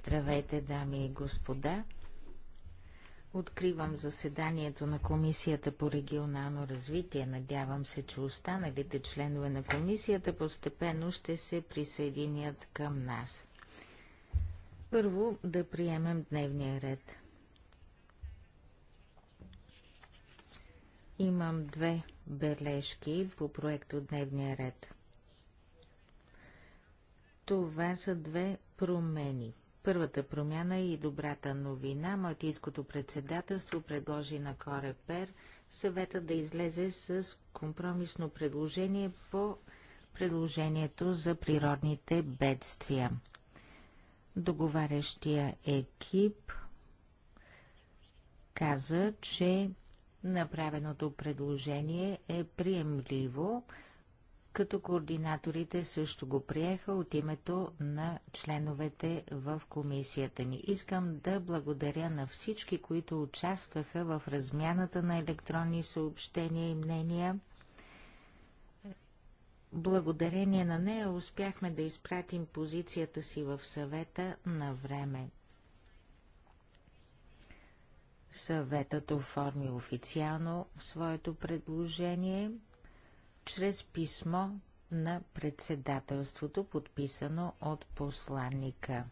Здравейте, дами и господа! Откривам заседанието на Комисията по регионално развитие. Надявам се, че останалите членове на Комисията постепенно ще се присъединят към нас. Първо да приемем дневния ред. Имам две бележки по проекто дневния ред – това са две промени. Първата промяна и добрата новина. Малтийското председателство предложи на Корепер съвета да излезе с компромисно предложение по предложението за природните бедствия. Договарящия екип каза, че направеното предложение е приемливо, като координаторите също го приеха от името на членовете в комисията ни. Искам да благодаря на всички, които участваха в размяната на електронни съобщения и мнения. Благодарение на нея успяхме да изпратим позицията си в съвета на време. Съветът оформи официално своето предложение – чрез писмо на председателството, подписано от посланника.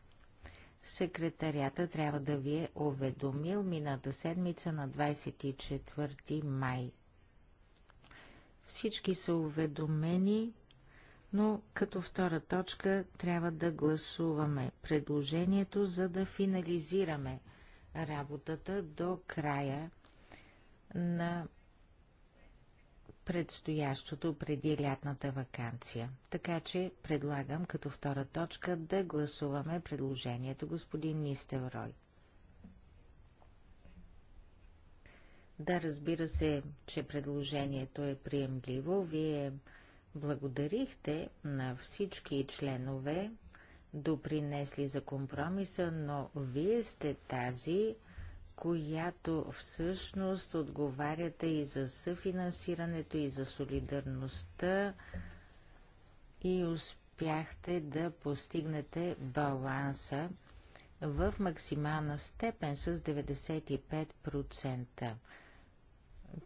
Секретарята трябва да ви е уведомил мината седмица на 24 май. Всички са уведомени, но като втора точка трябва да гласуваме предложението, за да финализираме работата до края на предстоящото преди лятната вакансия. Така че предлагам като втора точка да гласуваме предложението господин Нистеврой. Да, разбира се, че предложението е приемливо. Вие благодарихте на всички членове, допринесли за компромиса, но вие сте тази, която всъщност отговаряте и за съфинансирането, и за солидарността и успяхте да постигнете баланса в максимална степен с 95%.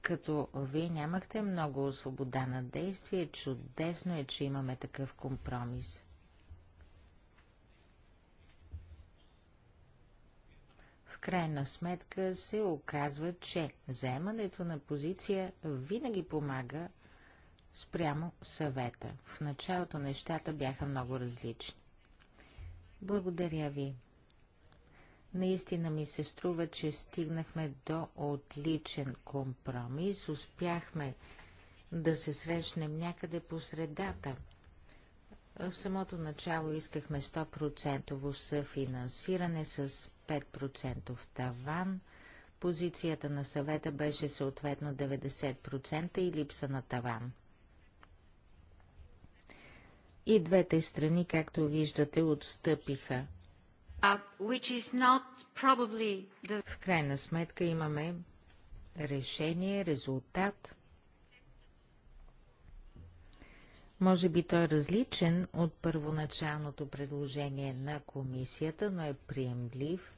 Като вие нямахте много свобода на действие, чудесно е, че имаме такъв компромис. крайна сметка се оказва, че заемането на позиция винаги помага спрямо съвета. В началото нещата бяха много различни. Благодаря ви. Наистина ми се струва, че стигнахме до отличен компромис. Успяхме да се срещнем някъде по средата. В самото начало искахме 100% съфинансиране с 5% таван. Позицията на съвета беше съответно 90% и липса на таван. И двете страни, както виждате, отстъпиха. Uh, the... В крайна сметка имаме решение, резултат. Може би той е различен от първоначалното предложение на комисията, но е приемлив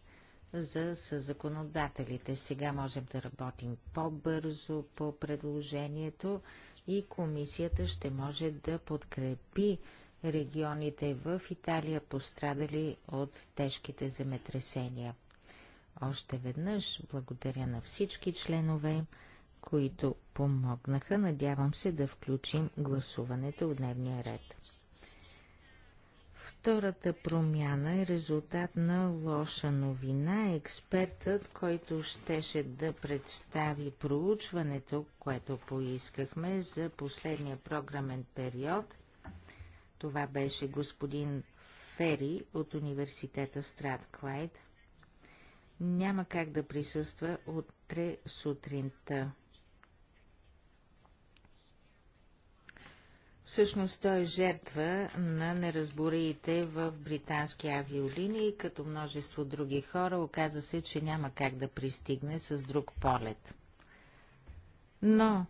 за законодателите. Сега можем да работим по-бързо по предложението и комисията ще може да подкрепи регионите в Италия, пострадали от тежките земетресения. Още веднъж благодаря на всички членове, които помогнаха. Надявам се да включим гласуването в дневния ред. Втората промяна е резултат на лоша новина. Експертът, който щеше да представи проучването, което поискахме за последния програмен период, това беше господин Фери от университета Стратклайд, няма как да присъства утре сутринта. Всъщност той е жертва на неразбориите в британски авиолинии, като множество други хора. Оказа се, че няма как да пристигне с друг полет. Но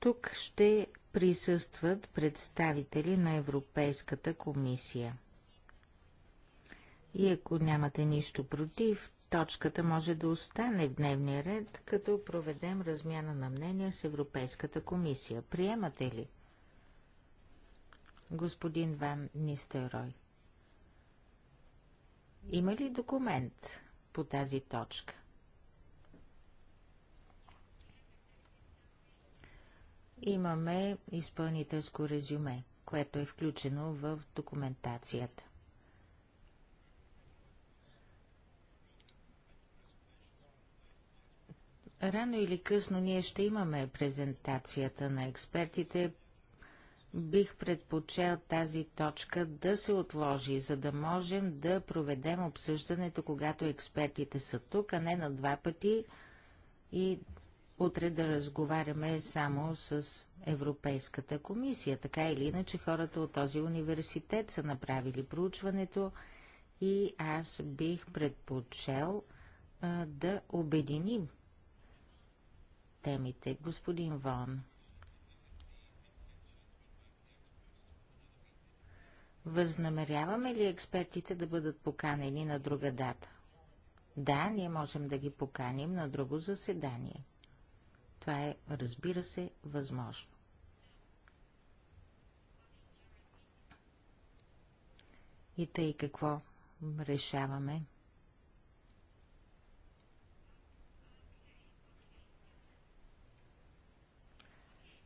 тук ще присъстват представители на Европейската комисия. И ако нямате нищо против, точката може да остане в дневния ред, като проведем размяна на мнения с Европейската комисия. Приемате ли? Господин Ван Нистерой. Има ли документ по тази точка? Имаме изпълнителско резюме, което е включено в документацията. Рано или късно ние ще имаме презентацията на експертите. Бих предпочел тази точка да се отложи, за да можем да проведем обсъждането, когато експертите са тук, а не на два пъти и утре да разговаряме само с Европейската комисия. Така или иначе хората от този университет са направили проучването и аз бих предпочел а, да обединим темите. Господин Вон. Възнамеряваме ли експертите да бъдат поканени на друга дата? Да, ние можем да ги поканим на друго заседание. Това е, разбира се, възможно. И тъй какво решаваме?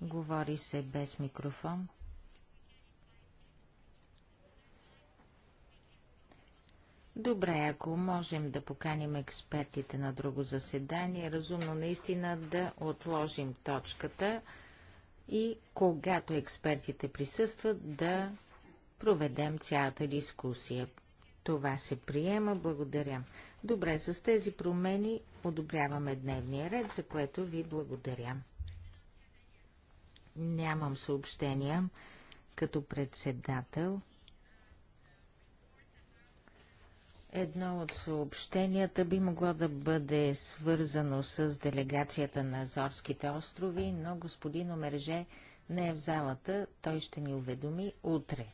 Говори се без микрофон. Добре, ако можем да поканим експертите на друго заседание, е разумно наистина да отложим точката и когато експертите присъстват да проведем цялата дискусия. Това се приема, благодаря. Добре, с тези промени одобряваме дневния ред, за което ви благодаря. Нямам съобщения като председател. Едно от съобщенията би могло да бъде свързано с делегацията на Азорските острови, но господин Омерже не е в залата. Той ще ни уведоми утре.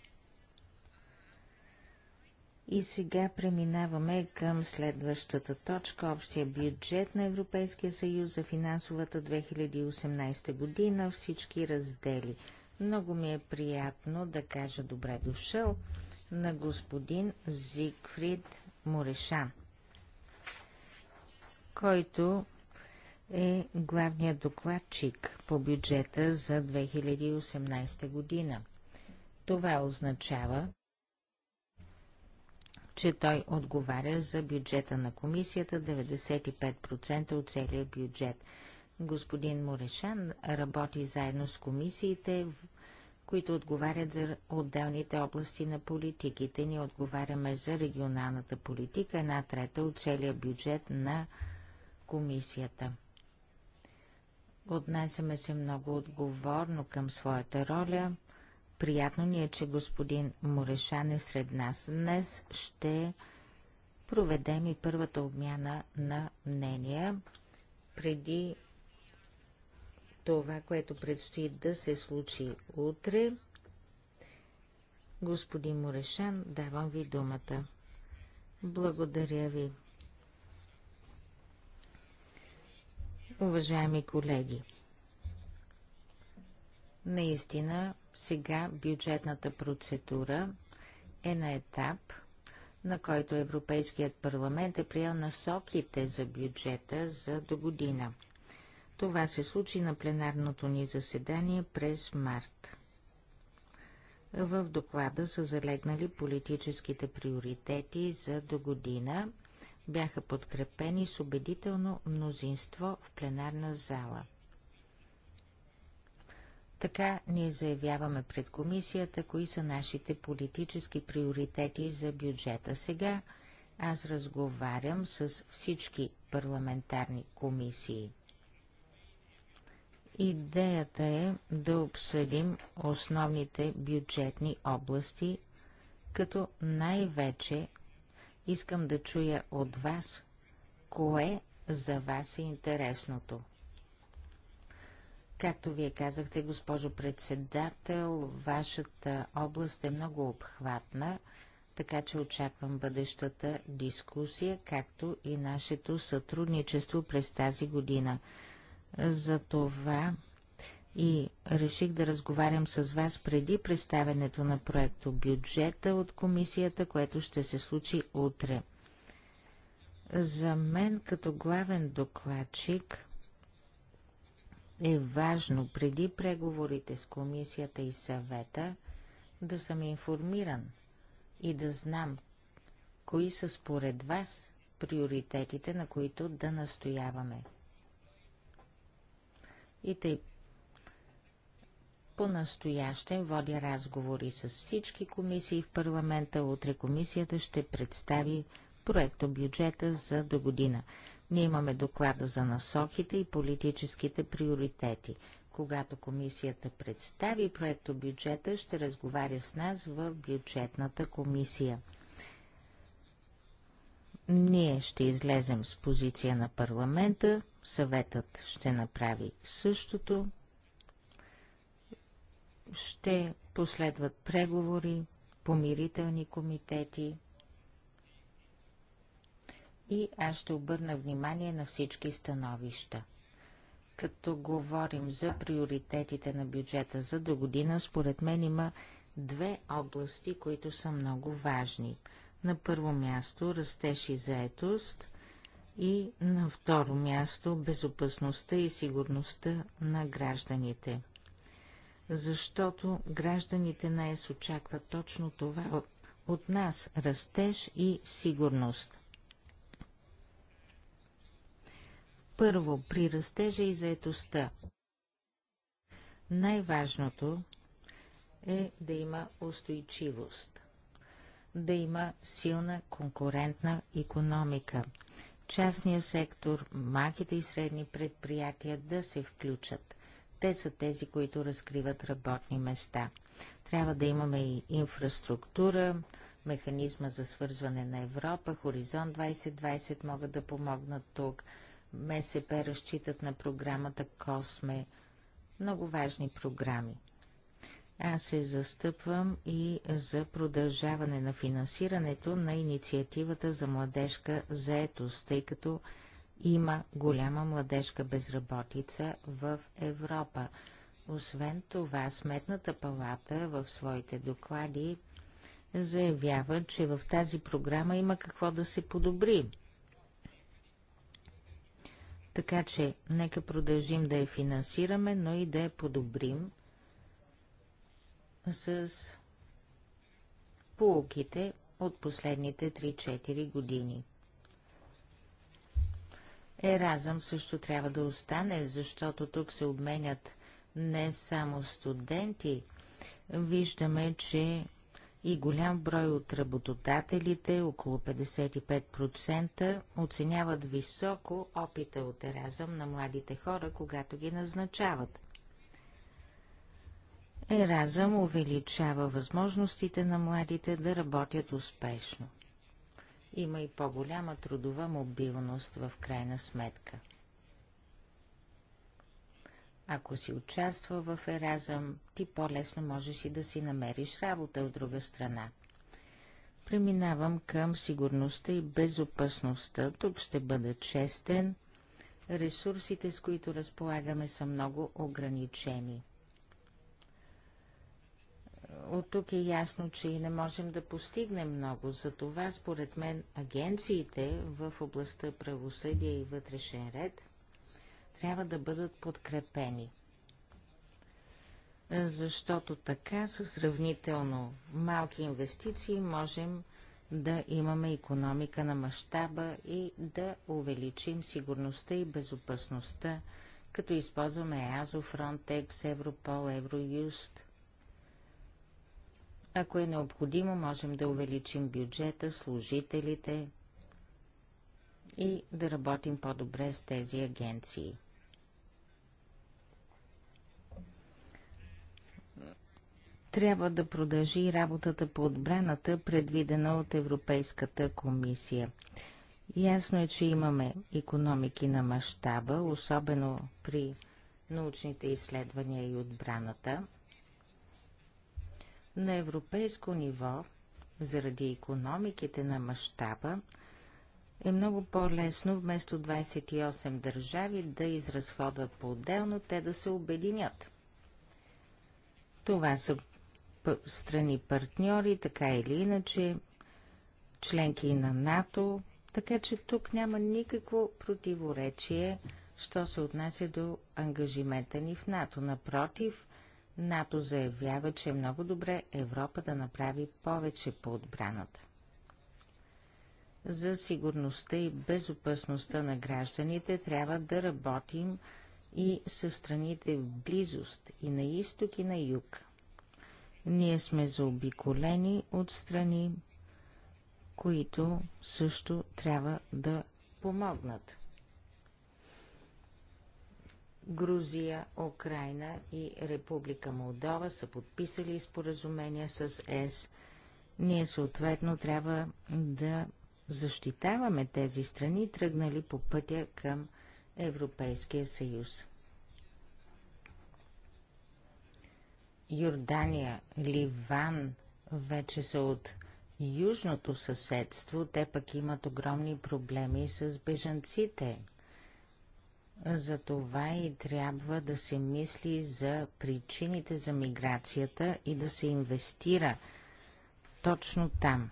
И сега преминаваме към следващата точка – общия бюджет на Европейския съюз за финансовата 2018 година, всички раздели. Много ми е приятно да кажа добре дошъл на господин Зигфрид Морешан, който е главният докладчик по бюджета за 2018 година. Това означава, че той отговаря за бюджета на комисията 95% от целия бюджет. Господин Морешан работи заедно с комисиите, които отговарят за отделните области на политиките. Ние отговаряме за регионалната политика, една трета от целия бюджет на комисията. Отнасяме се много отговорно към своята роля – Приятно ни е, че господин Морешан е сред нас. Днес ще проведем и първата обмяна на мнения преди това, което предстои да се случи утре. Господин Морешан, давам ви думата. Благодаря ви. Уважаеми колеги, наистина сега бюджетната процедура е на етап, на който Европейският парламент е приел насоките за бюджета за до година. Това се случи на пленарното ни заседание през март. В доклада са залегнали политическите приоритети за до година, бяха подкрепени с убедително мнозинство в пленарна зала – така ние заявяваме пред комисията, кои са нашите политически приоритети за бюджета. Сега аз разговарям с всички парламентарни комисии. Идеята е да обсъдим основните бюджетни области, като най-вече искам да чуя от вас, кое за вас е интересното – Както вие казахте, госпожо председател, вашата област е много обхватна, така че очаквам бъдещата дискусия, както и нашето сътрудничество през тази година. За това и реших да разговарям с вас преди представенето на проекто бюджета от комисията, което ще се случи утре. За мен като главен докладчик е важно преди преговорите с комисията и съвета да съм информиран и да знам кои са според вас приоритетите, на които да настояваме. И тъй по-настоящем водя разговори с всички комисии в парламента. Утре комисията ще представи проекто бюджета за до година. Ние имаме доклада за насоките и политическите приоритети. Когато комисията представи проекто бюджета, ще разговаря с нас в бюджетната комисия. Ние ще излезем с позиция на парламента, съветът ще направи същото, ще последват преговори, помирителни комитети и аз ще обърна внимание на всички становища. Като говорим за приоритетите на бюджета за до година, според мен има две области, които са много важни. На първо място растеж и заетост и на второ място безопасността и сигурността на гражданите. Защото гражданите на ЕС очакват точно това от, от нас – растеж и сигурност. Първо, при растежа и заетостта. Най-важното е да има устойчивост, да има силна конкурентна економика, частния сектор, малките и средни предприятия да се включат. Те са тези, които разкриват работни места. Трябва да имаме и инфраструктура, механизма за свързване на Европа, Хоризонт 2020 могат да помогнат тук – МСП разчитат на програмата Косме. Много важни програми. Аз се застъпвам и за продължаване на финансирането на инициативата за младежка заетост, тъй като има голяма младежка безработица в Европа. Освен това, Сметната палата в своите доклади заявява, че в тази програма има какво да се подобри. Така че, нека продължим да я финансираме, но и да я подобрим с полуките от последните 3-4 години. Еразъм също трябва да остане, защото тук се обменят не само студенти. Виждаме, че и голям брой от работодателите, около 55%, оценяват високо опита от Еразъм на младите хора, когато ги назначават. Еразъм увеличава възможностите на младите да работят успешно. Има и по-голяма трудова мобилност в крайна сметка – ако си участва в Еразъм, ти по-лесно можеш и да си намериш работа от друга страна. Преминавам към сигурността и безопасността. Тук ще бъда честен. Ресурсите, с които разполагаме, са много ограничени. От тук е ясно, че и не можем да постигнем много. Затова, според мен, агенциите в областта правосъдие и вътрешен ред – трябва да бъдат подкрепени. Защото така с сравнително малки инвестиции можем да имаме економика на мащаба и да увеличим сигурността и безопасността, като използваме ЕАЗО, Фронтекс, Европол, Евроюст. Ако е необходимо, можем да увеличим бюджета, служителите и да работим по-добре с тези агенции. трябва да продължи работата по отбраната, предвидена от Европейската комисия. Ясно е, че имаме економики на мащаба, особено при научните изследвания и отбраната. На европейско ниво, заради економиките на мащаба, е много по-лесно вместо 28 държави да изразходват по-отделно, те да се обединят. Това са страни партньори, така или иначе, членки на НАТО, така че тук няма никакво противоречие, що се отнася до ангажимента ни в НАТО. Напротив, НАТО заявява, че е много добре Европа да направи повече по отбраната. За сигурността и безопасността на гражданите трябва да работим и със страните в близост и на изток и на юг. Ние сме заобиколени от страни, които също трябва да помогнат. Грузия, Украина и Република Молдова са подписали споразумения с ЕС. Ние съответно трябва да защитаваме тези страни, тръгнали по пътя към Европейския съюз. Йордания, Ливан вече са от южното съседство, те пък имат огромни проблеми с бежанците. Затова и трябва да се мисли за причините за миграцията и да се инвестира точно там.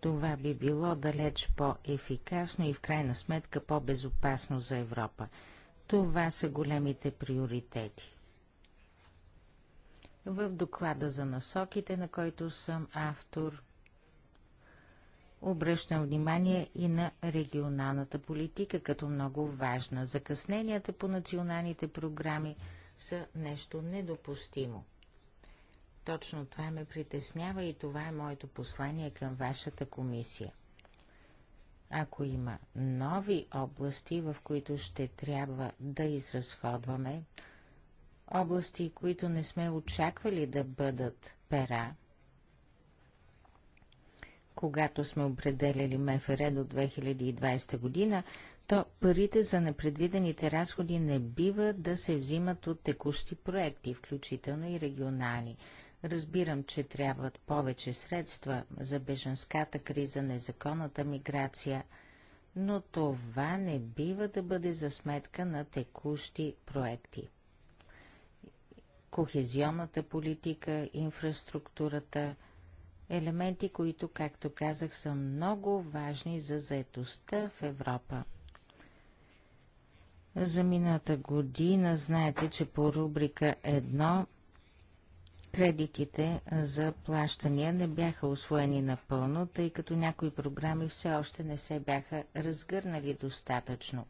Това би било далеч по-ефикасно и в крайна сметка по-безопасно за Европа. Това са големите приоритети. В доклада за насоките, на който съм автор, обръщам внимание и на регионалната политика като много важна. Закъсненията по националните програми са нещо недопустимо. Точно това ме притеснява и това е моето послание към вашата комисия. Ако има нови области, в които ще трябва да изразходваме области, които не сме очаквали да бъдат пера, когато сме определяли МФР до 2020 година, то парите за непредвидените разходи не бива да се взимат от текущи проекти, включително и регионални. Разбирам, че трябват повече средства за беженската криза, незаконната миграция, но това не бива да бъде за сметка на текущи проекти кохезионната политика, инфраструктурата, елементи, които, както казах, са много важни за заетостта в Европа. За мината година знаете, че по рубрика 1 кредитите за плащания не бяха освоени напълно, тъй като някои програми все още не се бяха разгърнали достатъчно.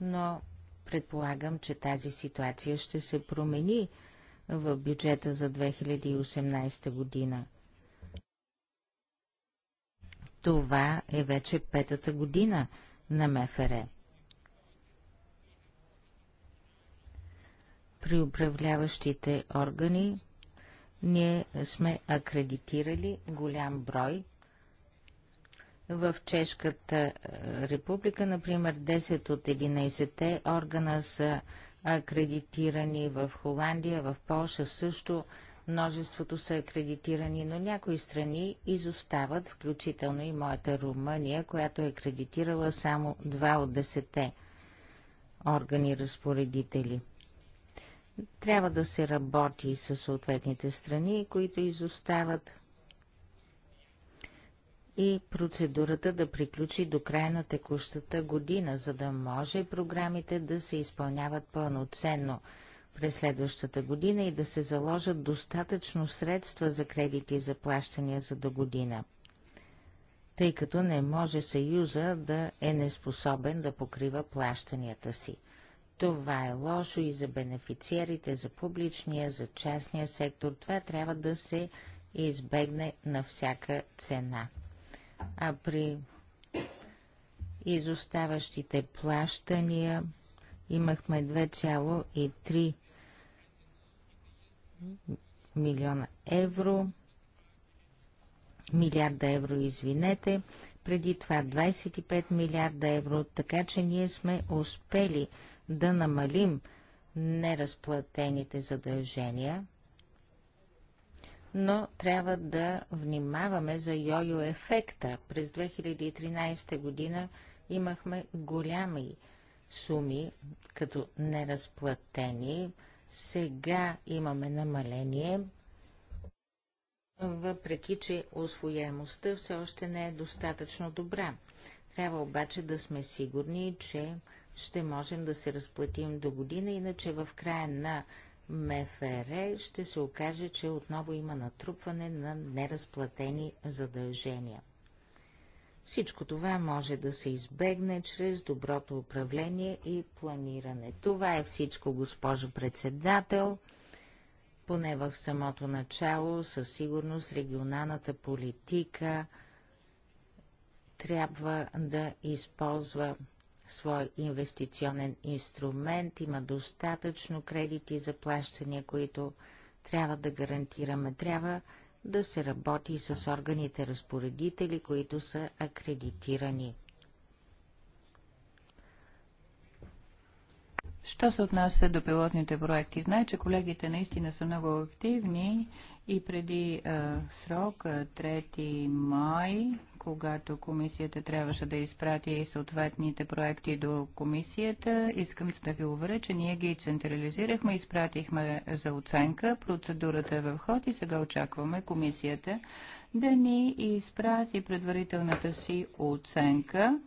Но предполагам, че тази ситуация ще се промени – в бюджета за 2018 година. Това е вече петата година на МФР. При управляващите органи ние сме акредитирали голям брой. В Чешката република, например, 10 от 11-те органа са акредитирани в Холандия, в Польша също множеството са акредитирани, но някои страни изостават, включително и моята Румъния, която е акредитирала само два от десете органи разпоредители. Трябва да се работи с съответните страни, които изостават и процедурата да приключи до края на текущата година, за да може програмите да се изпълняват пълноценно през следващата година и да се заложат достатъчно средства за кредити за плащания за до година, тъй като не може Съюза да е неспособен да покрива плащанията си. Това е лошо и за бенефициерите, за публичния, за частния сектор. Това трябва да се избегне на всяка цена а при изоставащите плащания имахме 2,3 милиона евро, милиарда евро, извинете, преди това 25 милиарда евро, така че ние сме успели да намалим неразплатените задължения но трябва да внимаваме за йо-йо ефекта. През 2013 година имахме голями суми като неразплатени. Сега имаме намаление, въпреки че освояемостта все още не е достатъчно добра. Трябва обаче да сме сигурни, че ще можем да се разплатим до година, иначе в края на МФР е, ще се окаже, че отново има натрупване на неразплатени задължения. Всичко това може да се избегне чрез доброто управление и планиране. Това е всичко, госпожо председател. Поне в самото начало, със сигурност, регионалната политика трябва да използва свой инвестиционен инструмент, има достатъчно кредити за плащания, които трябва да гарантираме. Трябва да се работи с органите разпоредители, които са акредитирани. Що се отнася до пилотните проекти? Знае, че колегите наистина са много активни и преди а, срок, 3 май, когато комисията трябваше да изпрати съответните проекти до комисията. Искам да ви уверя, че ние ги централизирахме, изпратихме за оценка. Процедурата е в ход и сега очакваме комисията да ни изпрати предварителната си оценка.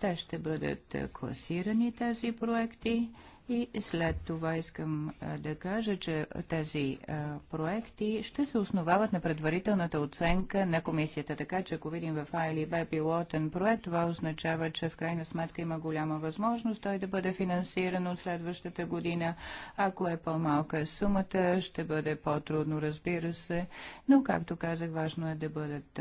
Те ще бъдат класирани тези проекти и след това искам да кажа, че тези проекти ще се основават на предварителната оценка на комисията. Така че ако видим в А или Б пилотен проект, това означава, че в крайна сметка има голяма възможност той да бъде финансиран от следващата година. Ако е по-малка сумата, ще бъде по-трудно, разбира се. Но, както казах, важно е да бъдат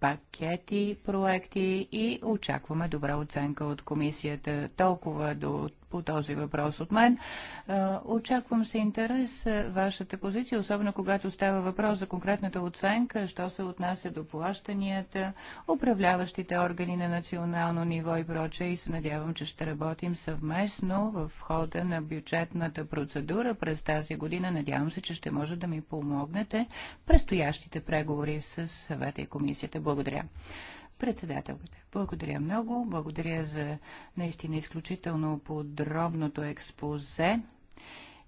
пакети проекти и очакваме добра оценка от комисията. Толкова до по този въпрос от мен. Е, очаквам се интерес е, вашата позиция, особено когато става въпрос за конкретната оценка, що се отнася до плащанията, управляващите органи на национално ниво и проче. И се надявам, че ще работим съвместно в хода на бюджетната процедура през тази година. Надявам се, че ще може да ми помогнете предстоящите преговори с съвета и комисията. Благодаря. Председателката. Благодаря много. Благодаря за наистина изключително подробното експозе.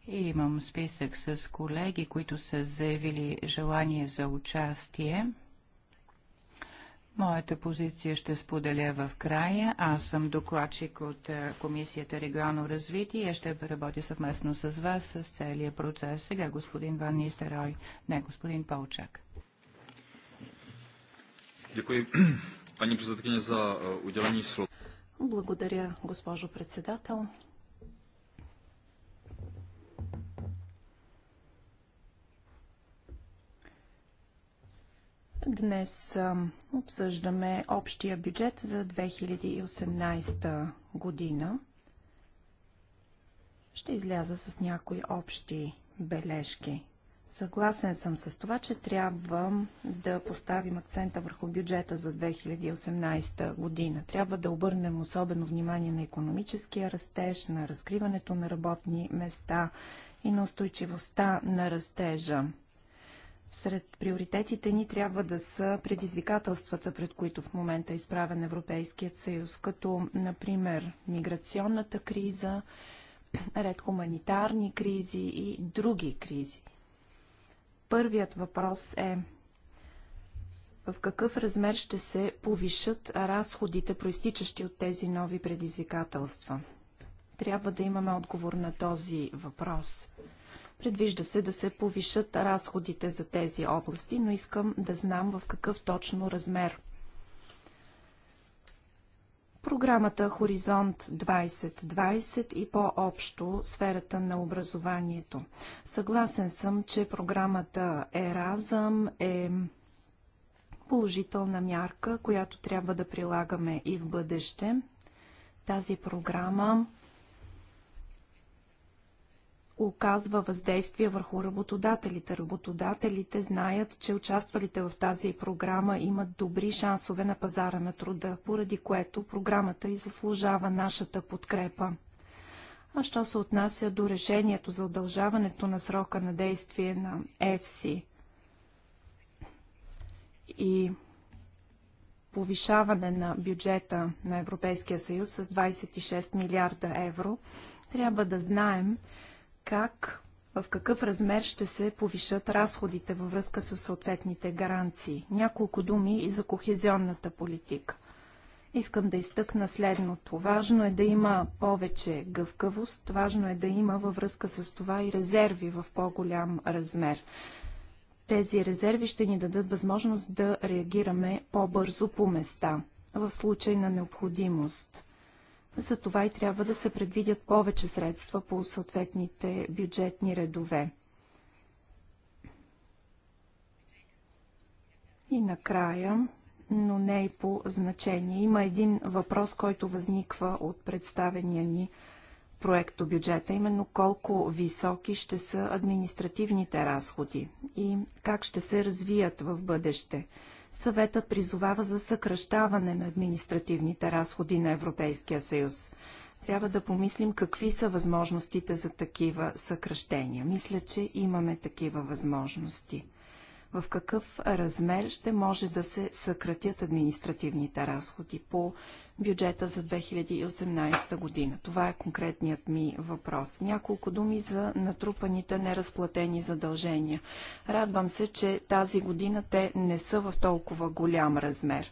И имам списък с колеги, които са заявили желание за участие. Моята позиция ще споделя в края. Аз съм докладчик от е, Комисията регионално развитие. Ще работя съвместно с вас с целият процес. Сега господин Ван Нистерой, не господин Паучак. Пани председателя за уделени слова. Благодаря, госпожо председател. Днес обсъждаме общия бюджет за 2018 година. Ще изляза с някои общи бележки Съгласен съм с това, че трябва да поставим акцента върху бюджета за 2018 година. Трябва да обърнем особено внимание на економическия растеж, на разкриването на работни места и на устойчивостта на растежа. Сред приоритетите ни трябва да са предизвикателствата, пред които в момента е изправен Европейският съюз, като, например, миграционната криза, ред хуманитарни кризи и други кризи. Първият въпрос е в какъв размер ще се повишат разходите, проистичащи от тези нови предизвикателства? Трябва да имаме отговор на този въпрос. Предвижда се да се повишат разходите за тези области, но искам да знам в какъв точно размер програмата Хоризонт 2020 и по-общо сферата на образованието. Съгласен съм, че програмата Еразъм е положителна мярка, която трябва да прилагаме и в бъдеще. Тази програма оказва въздействие върху работодателите. Работодателите знаят, че участвалите в тази програма имат добри шансове на пазара на труда, поради което програмата и заслужава нашата подкрепа. А що се отнася до решението за удължаването на срока на действие на ЕФСИ и повишаване на бюджета на Европейския съюз с 26 милиарда евро, трябва да знаем, как, в какъв размер ще се повишат разходите във връзка с съответните гаранции. Няколко думи и за кохезионната политика. Искам да изтъкна следното. Важно е да има повече гъвкавост, важно е да има във връзка с това и резерви в по-голям размер. Тези резерви ще ни дадат възможност да реагираме по-бързо по места в случай на необходимост. За това и трябва да се предвидят повече средства по съответните бюджетни редове. И накрая, но не и по значение, има един въпрос, който възниква от представения ни проекто бюджета, именно колко високи ще са административните разходи и как ще се развият в бъдеще съветът призовава за съкръщаване на административните разходи на Европейския съюз. Трябва да помислим какви са възможностите за такива съкръщения. Мисля, че имаме такива възможности. В какъв размер ще може да се съкратят административните разходи по бюджета за 2018 година? Това е конкретният ми въпрос. Няколко думи за натрупаните неразплатени задължения. Радвам се, че тази година те не са в толкова голям размер.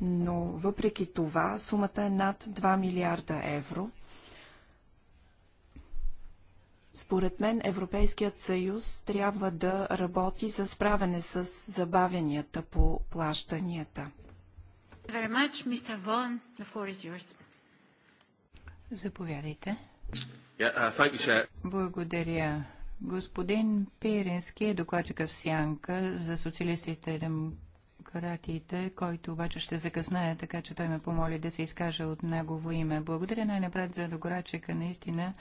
Но въпреки това сумата е над 2 милиарда евро. Според мен Европейският съюз трябва да работи за справяне с забавянията по плащанията. Very much, Mr. Vaughan. The floor is yours. Заповядайте. Uh, Благодаря. Господин Пирински е докладчика в Сянка за социалистите и демократите, който обаче ще закъснае, така че той ме помоли да се изкаже от негово име. Благодаря най-напред за докладчика. Наистина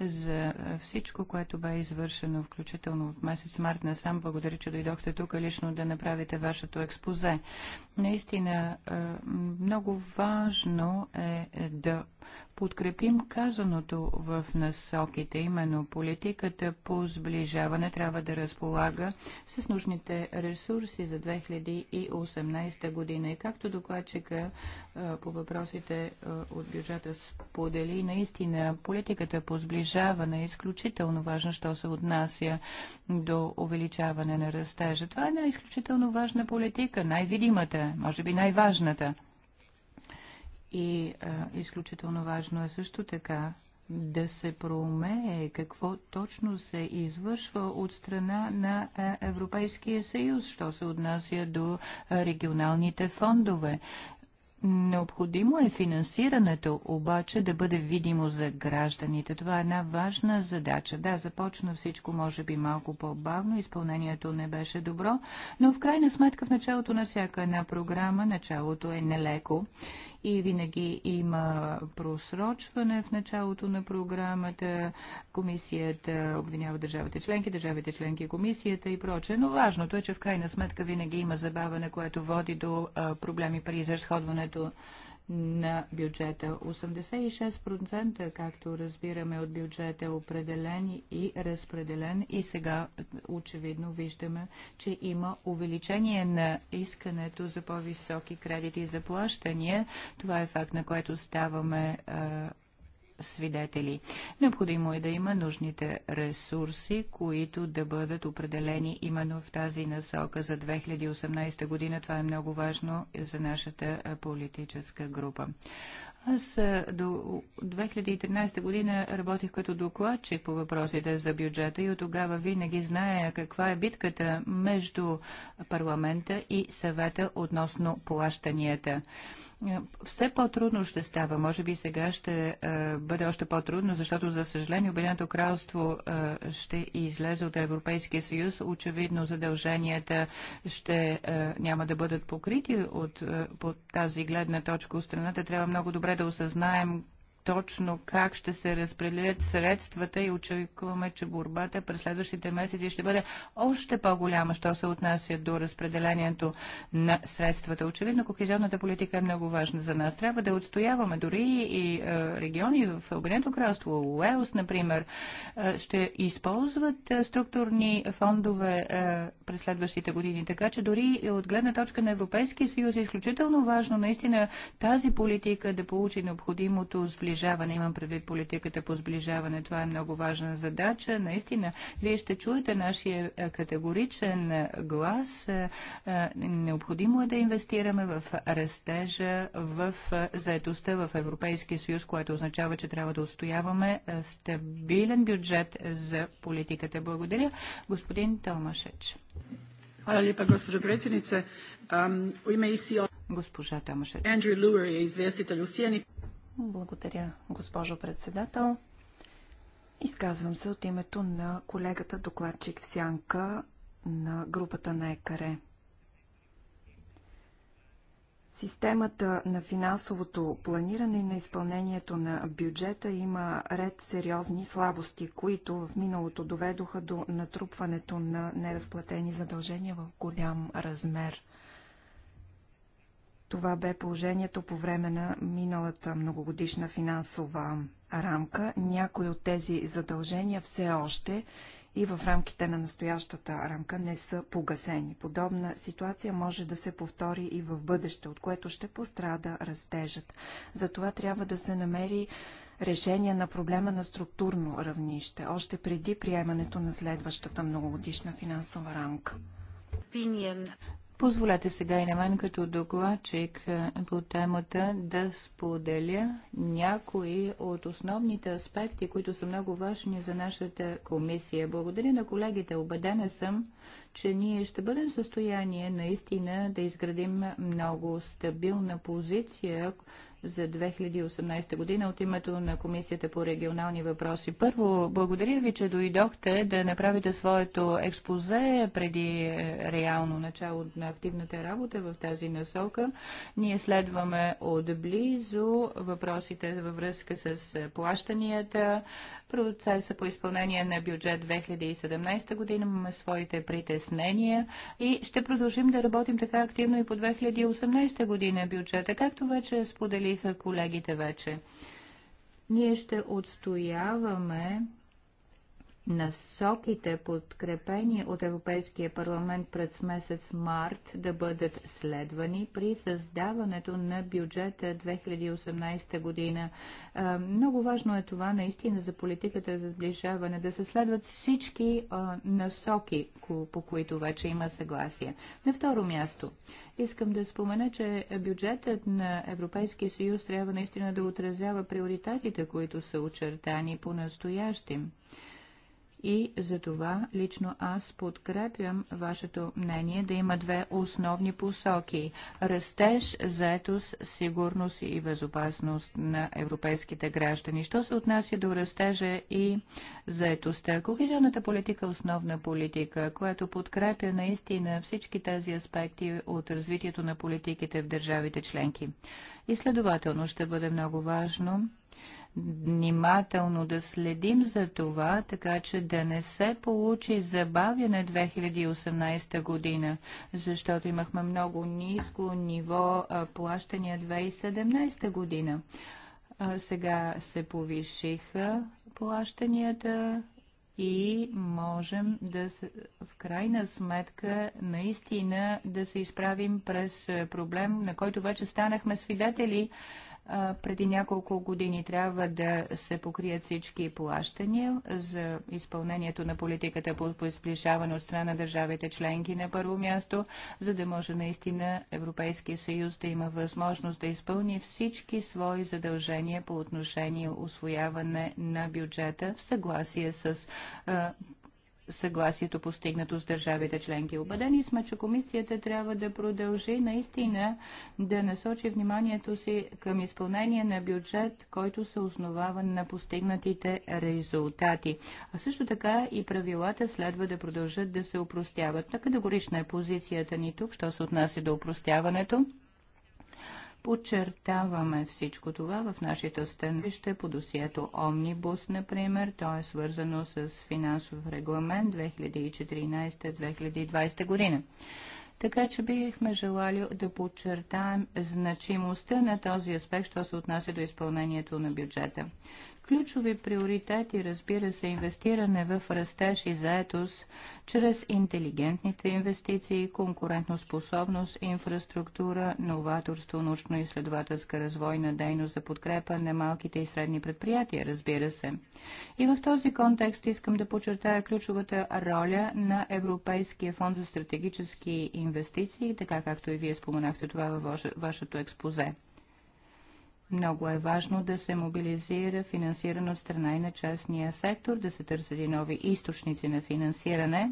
за всичко, което бе извършено, включително от месец март насам. Благодаря, че дойдохте тук лично да направите вашето експозе. Наистина, е, много важно е да подкрепим казаното в насоките, именно политиката по сближаване трябва да разполага с нужните ресурси за 2018 година. И както докладчика е, по въпросите е, от бюджета сподели. Наистина, политиката по сближаване е изключително важна, що се отнася до увеличаване на растежа. Това е една изключително важна политика, най-видимата, може би най-важната. И а, е, изключително важно е също така да се проумее какво точно се извършва от страна на Европейския съюз, що се отнася до регионалните фондове. Необходимо е финансирането обаче да бъде видимо за гражданите. Това е една важна задача. Да, започна всичко може би малко по-бавно, изпълнението не беше добро, но в крайна сметка в началото на всяка една програма, началото е нелеко и винаги има просрочване в началото на програмата. Комисията обвинява държавите членки, държавите членки комисията и прочее. Но важното е, че в крайна сметка винаги има забаване, което води до проблеми при изразходването на бюджета. 86%, както разбираме от бюджета, е определен и разпределен и сега очевидно виждаме, че има увеличение на искането за по-високи кредити за плащания. Това е факт, на който ставаме а, свидетели. Необходимо е да има нужните ресурси, които да бъдат определени именно в тази насока за 2018 година. Това е много важно за нашата политическа група. Аз до 2013 година работих като докладчик по въпросите за бюджета и от тогава винаги зная каква е битката между парламента и съвета относно плащанията. Е, все по-трудно ще става. Може би сега ще е, бъде още по-трудно, защото, за съжаление, Обединеното кралство е, ще излезе от Европейския съюз. Очевидно, задълженията ще е, няма да бъдат покрити от по тази гледна точка. Страната трябва много добре да осъзнаем точно как ще се разпределят средствата и очакваме, че борбата през следващите месеци ще бъде още по-голяма, що се отнася до разпределението на средствата. Очевидно, кохезионната политика е много важна за нас. Трябва да отстояваме дори и е, региони в Обединеното кралство, Уелс, например, е, ще използват е, структурни фондове е, през следващите години. Така че дори от гледна точка на Европейския съюз е изключително важно наистина тази политика да получи необходимото влияние сближаване, имам предвид политиката по сближаване. Това е много важна задача. Наистина, вие ще чуете нашия е, категоричен е, глас. Е, необходимо е да инвестираме в растежа, в заетостта в Европейския съюз, което означава, че трябва да устояваме стабилен бюджет за политиката. Благодаря. Господин Томашеч. Hvala lijepa gospođo predsjednice. Um, u ime ICO... Госпожа Томашеч. Andrew Lurie je izvjestitelj u Sijeni. Благодаря, госпожо председател. Изказвам се от името на колегата докладчик в Сянка на групата на ЕКАРЕ. Системата на финансовото планиране и на изпълнението на бюджета има ред сериозни слабости, които в миналото доведоха до натрупването на неразплатени задължения в голям размер. Това бе положението по време на миналата многогодишна финансова рамка. Някои от тези задължения все още и в рамките на настоящата рамка не са погасени. Подобна ситуация може да се повтори и в бъдеще, от което ще пострада растежът. Затова трябва да се намери решение на проблема на структурно равнище, още преди приемането на следващата многогодишна финансова рамка. Позволете сега и на мен като докладчик е, по темата да споделя някои от основните аспекти, които са много важни за нашата комисия. Благодаря на колегите. Обедена съм, че ние ще бъдем в състояние наистина да изградим много стабилна позиция за 2018 година от името на Комисията по регионални въпроси. Първо, благодаря ви, че дойдохте да направите своето експозе преди е, реално начало на активната работа в тази насока. Ние следваме отблизо въпросите във връзка с е, плащанията, Процеса по изпълнение на бюджет 2017 година имаме своите притеснения и ще продължим да работим така активно и по 2018 година бюджета, както вече споделиха колегите вече. Ние ще отстояваме насоките, подкрепени от Европейския парламент през месец март, да бъдат следвани при създаването на бюджета 2018 година. много важно е това наистина за политиката за сближаване, да се следват всички насоки, по които вече има съгласие. На второ място, искам да спомена, че бюджетът на Европейския съюз трябва наистина да отразява приоритетите, които са очертани по настоящим. И за това лично аз подкрепям вашето мнение да има две основни посоки. Растеж, заетост, сигурност и безопасност на европейските граждани. Що се отнася до растежа и заетостта? Кохезионната политика е основна политика, която подкрепя наистина всички тези аспекти от развитието на политиките в държавите членки. И следователно ще бъде много важно внимателно да следим за това, така че да не се получи забавяне 2018 година, защото имахме много ниско ниво плащания 2017 година. А, сега се повишиха плащанията и можем да в крайна сметка наистина да се изправим през проблем, на който вече станахме свидетели преди няколко години трябва да се покрият всички плащания за изпълнението на политиката по сближаване от страна на държавите членки на първо място, за да може наистина Европейския съюз да има възможност да изпълни всички свои задължения по отношение освояване на бюджета в съгласие с съгласието постигнато с държавите членки. Обедени сме, че комисията трябва да продължи наистина да насочи вниманието си към изпълнение на бюджет, който се основава на постигнатите резултати. А също така и правилата следва да продължат да се упростяват. Така да горишна е позицията ни тук, що се отнася до упростяването. Подчертаваме всичко това в нашите становище по досието Омнибус, например. То е свързано с финансов регламент 2014-2020 година. Така че бихме желали да подчертаем значимостта на този аспект, що се отнася до изпълнението на бюджета. Ключови приоритети, разбира се, инвестиране в растеж и заетост чрез интелигентните инвестиции, конкурентоспособност, инфраструктура, новаторство, научно-изследователска развойна дейност за подкрепа на малките и средни предприятия, разбира се. И в този контекст искам да подчертая ключовата роля на Европейския фонд за стратегически инвестиции, така както и вие споменахте това във вашето експозе. Много е важно да се мобилизира финансиране от страна и на частния сектор, да се търсят и нови източници на финансиране,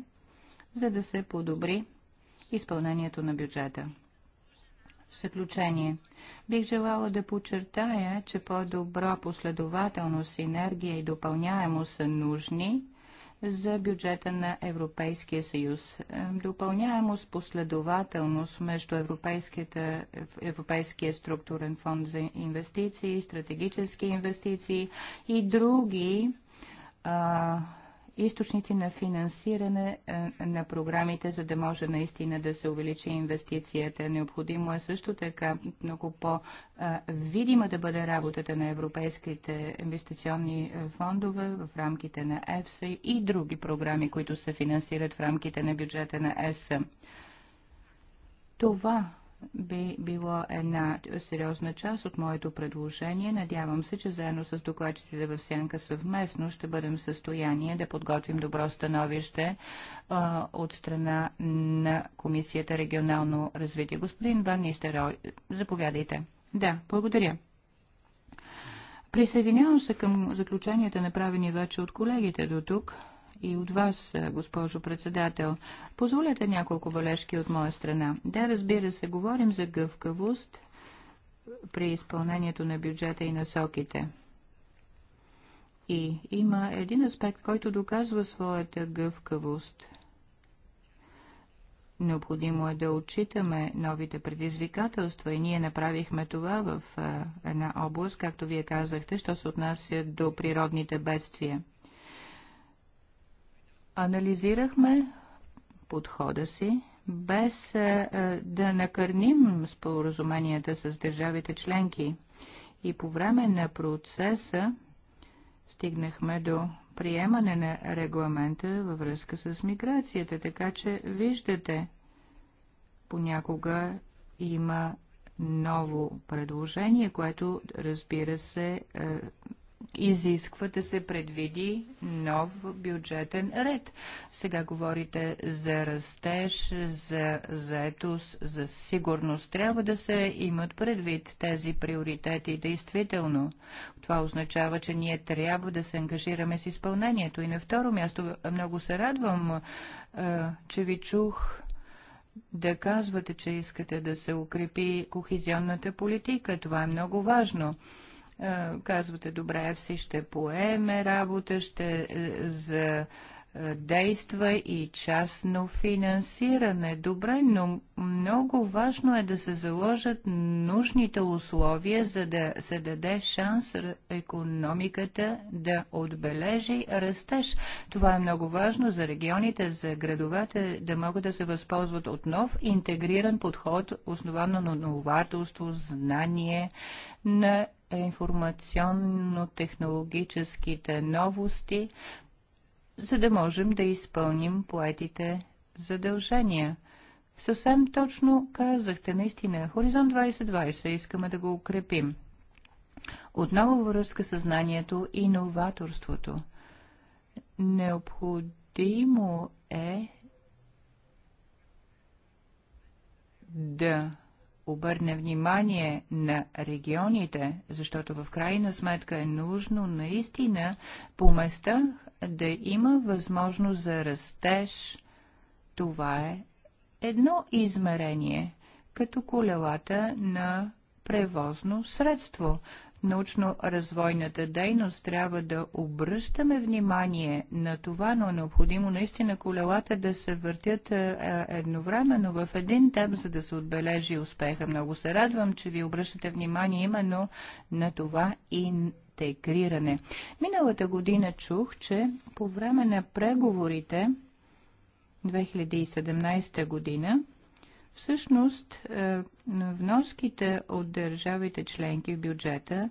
за да се подобри изпълнението на бюджета. В заключение, бих желала да подчертая, че по-добра последователност, синергия и допълняемост са нужни – за бюджета на Европейския съюз. Е, с последователност между Европейския структурен фонд за инвестиции, стратегически инвестиции и други а, източници на финансиране е, на програмите, за да може наистина да се увеличи инвестицията. Необходимо е също така много по-видима да бъде работата на европейските инвестиционни е, фондове в рамките на ЕФСА и други програми, които се финансират в рамките на бюджета на ЕСА. Това би било една сериозна част от моето предложение. Надявам се, че заедно с докладчиците в Сянка съвместно ще бъдем в състояние да подготвим добро становище а, от страна на Комисията регионално развитие. Господин Ван Нистерой, заповядайте. Да, благодаря. Присъединявам се към заключенията, направени вече от колегите до тук и от вас, е, госпожо председател. Позволете няколко бележки от моя страна. Да, разбира се, говорим за гъвкавост при изпълнението на бюджета и насоките. И има един аспект, който доказва своята гъвкавост. Необходимо е да отчитаме новите предизвикателства и ние направихме това в е, една област, както вие казахте, що се отнася до природните бедствия анализирахме подхода си, без е, е, да накърним споразуменията с държавите членки. И по време на процеса стигнахме до приемане на регламента във връзка с миграцията, така че виждате, понякога има ново предложение, което, разбира се, е, изисква да се предвиди нов бюджетен ред. Сега говорите за растеж, за заетост, за сигурност. Трябва да се имат предвид тези приоритети. Действително, това означава, че ние трябва да се ангажираме с изпълнението. И на второ място, много се радвам, че ви чух да казвате, че искате да се укрепи кохезионната политика. Това е много важно. Е, казвате, добре, все ще поеме работа, ще е, за е, действа и частно финансиране. Добре, но много важно е да се заложат нужните условия, за да се даде шанс економиката да отбележи растеж. Това е много важно за регионите, за градовете да могат да се възползват от нов интегриран подход, основан на нователство, знание, на информационно-технологическите новости, за да можем да изпълним поетите задължения. Съвсем точно казахте, наистина, Хоризонт 2020 искаме да го укрепим. Отново връзка съзнанието и новаторството. Необходимо е да обърне внимание на регионите, защото в крайна сметка е нужно наистина по места да има възможност за растеж. Това е едно измерение, като колелата на превозно средство научно-развойната дейност, трябва да обръщаме внимание на това, но е необходимо наистина колелата да се въртят е, е, едновременно в един темп, за да се отбележи успеха. Много се радвам, че ви обръщате внимание именно на това и интегриране. Миналата година чух, че по време на преговорите 2017 година Всъщност, е, вноските от държавите членки в бюджета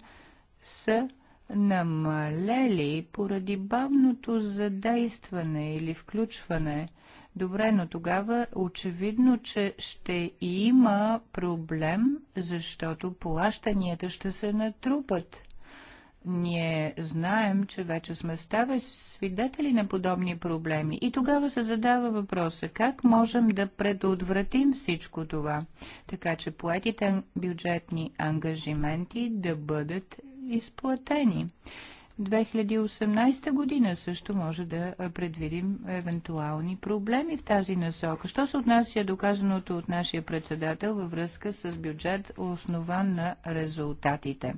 са намалели поради бавното задействане или включване. Добре, но тогава очевидно, че ще има проблем, защото плащанията ще се натрупат. Ние знаем, че вече сме ставали свидетели на подобни проблеми и тогава се задава въпроса как можем да предотвратим всичко това, така че поетите бюджетни ангажименти да бъдат изплатени. 2018 година също може да предвидим евентуални проблеми в тази насока. Що се отнася до казаното от нашия председател във връзка с бюджет, основан на резултатите?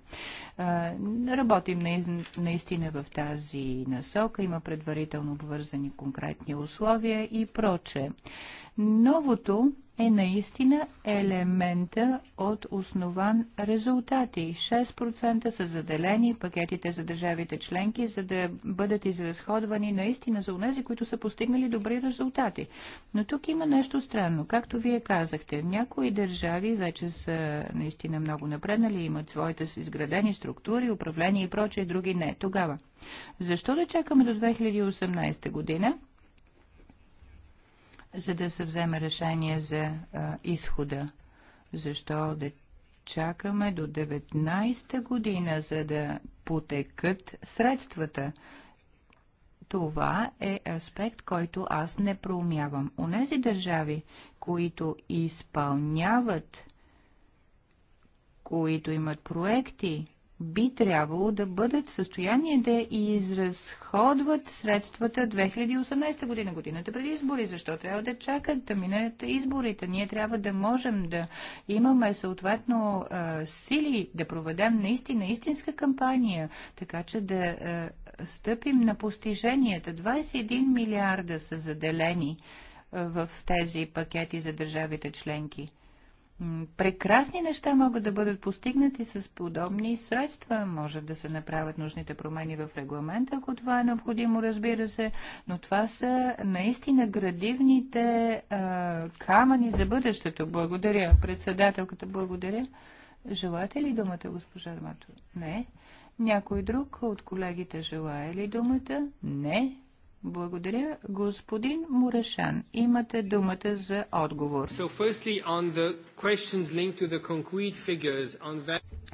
Работим наистина в тази насока, има предварително обвързани конкретни условия и проче. Новото е наистина елемента от основан резултати. 6% са заделени пакетите за държавите членки, за да бъдат изразходвани наистина за унези, които са постигнали добри резултати. Но тук има нещо странно. Както вие казахте, някои държави вече са наистина много напреднали, имат своите си изградени структури, управление и прочее, други не. Тогава. Защо да чакаме до 2018 година? за да се вземе решение за а, изхода. Защо да чакаме до 19-та година, за да потекат средствата? Това е аспект, който аз не проумявам. Онези държави, които изпълняват, които имат проекти, би трябвало да бъдат в състояние да изразходват средствата 2018 година, годината преди избори. Защо трябва да чакат да минат изборите? Ние трябва да можем да имаме съответно а, сили да проведем наистина истинска кампания, така че да а, стъпим на постиженията. 21 милиарда са заделени а, в тези пакети за държавите членки прекрасни неща могат да бъдат постигнати с подобни средства. Може да се направят нужните промени в регламента, ако това е необходимо, разбира се, но това са наистина градивните а, камъни за бъдещето. Благодаря. Председателката, благодаря. Желаете ли думата, госпожа Арматова? Не. Някой друг от колегите желая ли думата? Не. Благодаря. Господин Мурашан, имате думата за отговор.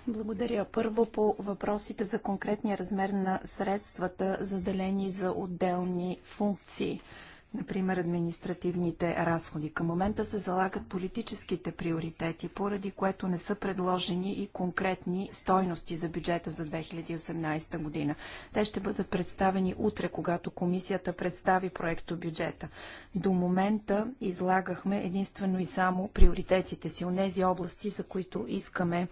Благодаря. Първо по въпросите за конкретния размер на средствата, заделени за отделни функции например административните разходи. Към момента се залагат политическите приоритети, поради което не са предложени и конкретни стойности за бюджета за 2018 година. Те ще бъдат представени утре, когато комисията представи проекто бюджета. До момента излагахме единствено и само приоритетите си, онези области, за които искаме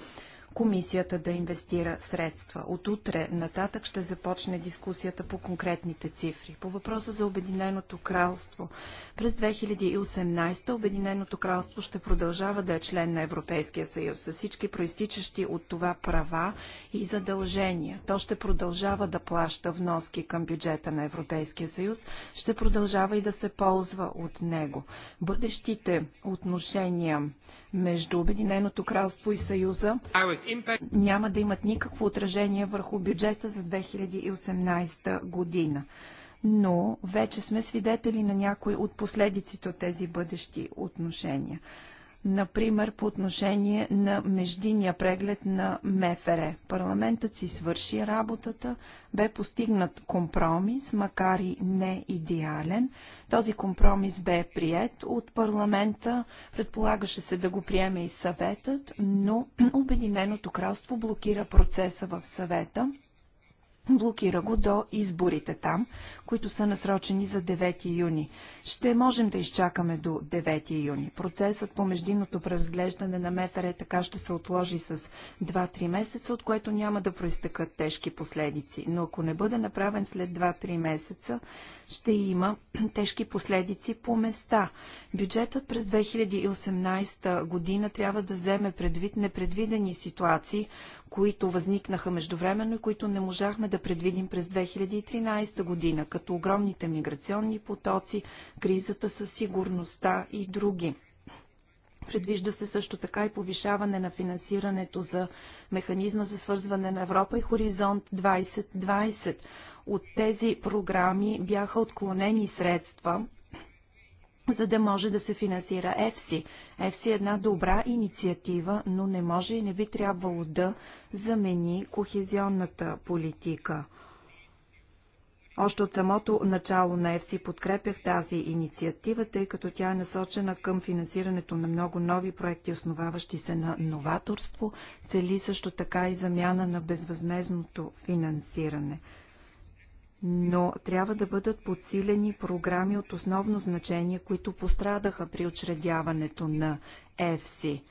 комисията да инвестира средства. От утре нататък ще започне дискусията по конкретните цифри. По въпроса за Обединеното кралство. През 2018 Обединеното кралство ще продължава да е член на Европейския съюз с всички проистичащи от това права и задължения. То ще продължава да плаща вноски към бюджета на Европейския съюз, ще продължава и да се ползва от него. Бъдещите отношения между Обединеното кралство и Съюза няма да имат никакво отражение върху бюджета за 2018 година. Но вече сме свидетели на някои от последиците от тези бъдещи отношения например по отношение на междиния преглед на МФР. Парламентът си свърши работата, бе постигнат компромис, макар и не идеален. Този компромис бе прият от парламента, предполагаше се да го приеме и съветът, но Обединеното кралство блокира процеса в съвета Блокира го до изборите там, които са насрочени за 9 юни. Ще можем да изчакаме до 9 юни. Процесът по междинното преразглеждане на МФР така ще се отложи с 2-3 месеца, от което няма да проистъкат тежки последици. Но ако не бъде направен след 2-3 месеца, ще има тежки последици по места. Бюджетът през 2018 година трябва да вземе предвид непредвидени ситуации, които възникнаха междувременно и които не можахме да предвидим през 2013 година, като огромните миграционни потоци, кризата със сигурността и други. Предвижда се също така и повишаване на финансирането за механизма за свързване на Европа и Хоризонт 2020. От тези програми бяха отклонени средства – за да може да се финансира ЕФСИ. ЕФСИ е една добра инициатива, но не може и не би трябвало да замени кохезионната политика. Още от самото начало на ЕФСИ подкрепях тази инициатива, тъй като тя е насочена към финансирането на много нови проекти, основаващи се на новаторство, цели също така и замяна на безвъзмезното финансиране – но трябва да бъдат подсилени програми от основно значение, които пострадаха при учредяването на ЕФСИ.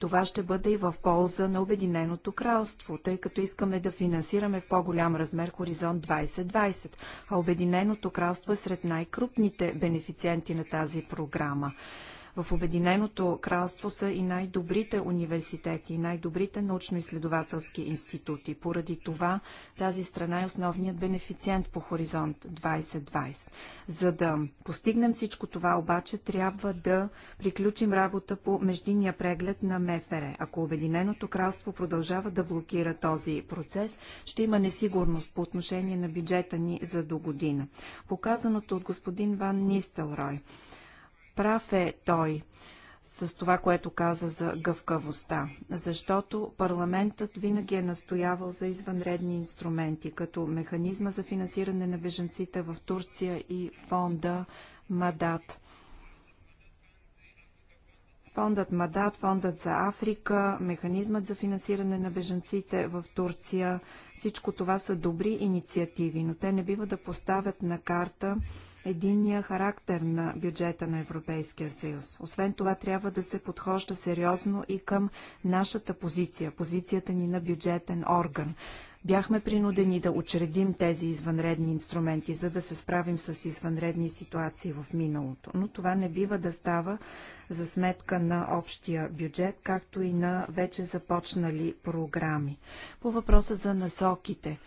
Това ще бъде и в полза на Обединеното кралство, тъй като искаме да финансираме в по-голям размер Хоризонт 2020, а Обединеното кралство е сред най-крупните бенефициенти на тази програма. В Обединеното кралство са и най-добрите университети, и най-добрите научно-изследователски институти. Поради това тази страна е основният бенефициент по Хоризонт 2020. За да постигнем всичко това, обаче трябва да приключим работа по междинния преглед на МФР. Ако Обединеното кралство продължава да блокира този процес, ще има несигурност по отношение на бюджета ни за до година. Показаното от господин Ван Нистелрой – Прав е той с това, което каза за гъвкавостта, защото парламентът винаги е настоявал за извънредни инструменти, като механизма за финансиране на беженците в Турция и фонда МАДАТ. Фондът МАДАТ, фондът за Африка, механизмът за финансиране на беженците в Турция, всичко това са добри инициативи, но те не бива да поставят на карта единния характер на бюджета на Европейския съюз. Освен това, трябва да се подхожда сериозно и към нашата позиция, позицията ни на бюджетен орган. Бяхме принудени да учредим тези извънредни инструменти, за да се справим с извънредни ситуации в миналото. Но това не бива да става за сметка на общия бюджет, както и на вече започнали програми. По въпроса за насоките.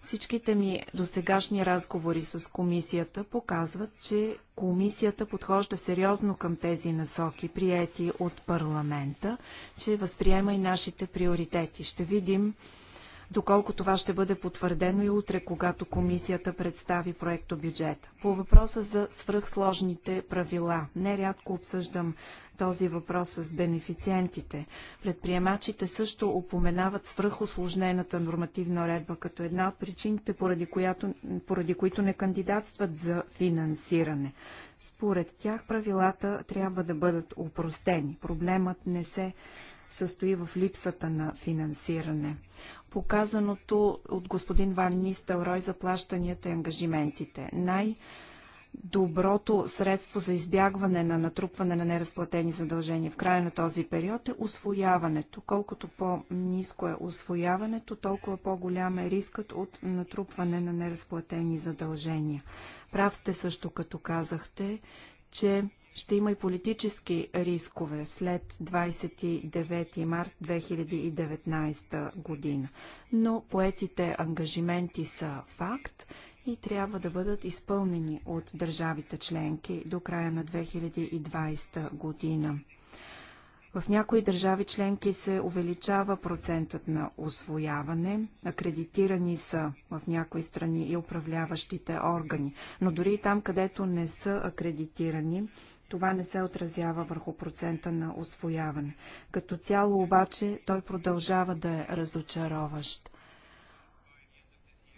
Всичките ми досегашни разговори с комисията показват, че комисията подхожда сериозно към тези насоки, приети от парламента, че възприема и нашите приоритети. Ще видим доколко това ще бъде потвърдено и утре, когато комисията представи проекто бюджет. По въпроса за свръхсложните правила. Нерядко обсъждам този въпрос с бенефициентите. Предприемачите също упоменават свръхосложнената нормативна редба като една от причините, поради, която, поради които не кандидатстват за финансиране. Според тях правилата трябва да бъдат упростени. Проблемът не се състои в липсата на финансиране показаното от господин Ван Нистелрой за плащанията и ангажиментите. Най- доброто средство за избягване на натрупване на неразплатени задължения в края на този период е освояването. Колкото по-низко е освояването, толкова по-голям е рискът от натрупване на неразплатени задължения. Прав сте също, като казахте, че ще има и политически рискове след 29 март 2019 година. Но поетите ангажименти са факт и трябва да бъдат изпълнени от държавите членки до края на 2020 година. В някои държави членки се увеличава процентът на освояване, акредитирани са в някои страни и управляващите органи, но дори и там, където не са акредитирани, това не се отразява върху процента на освояване. Като цяло обаче той продължава да е разочароващ.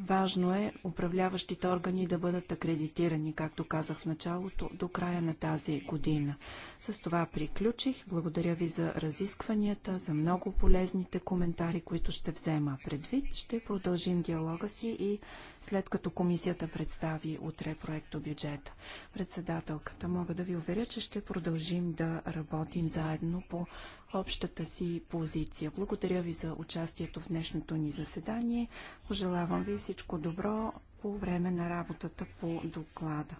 Важно е управляващите органи да бъдат акредитирани, както казах в началото, до края на тази година. С това приключих. Благодаря ви за разискванията, за много полезните коментари, които ще взема предвид. Ще продължим диалога си и след като комисията представи утре проекто бюджета. Председателката мога да ви уверя, че ще продължим да работим заедно по общата си позиция. Благодаря ви за участието в днешното ни заседание. Пожелавам ви всичко добро по време на работата по доклада.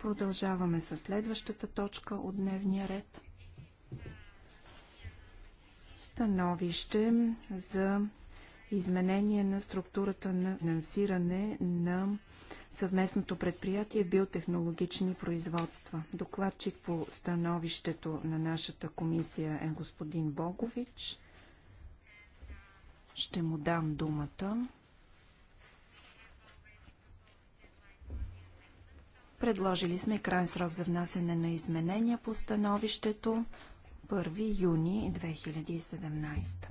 Продължаваме с следващата точка от дневния ред. Становище за изменение на структурата на финансиране на съвместното предприятие биотехнологични производства. Докладчик по становището на нашата комисия е господин Богович. Ще му дам думата. Предложили сме крайен срок за внасене на изменения по становището 1 юни 2017.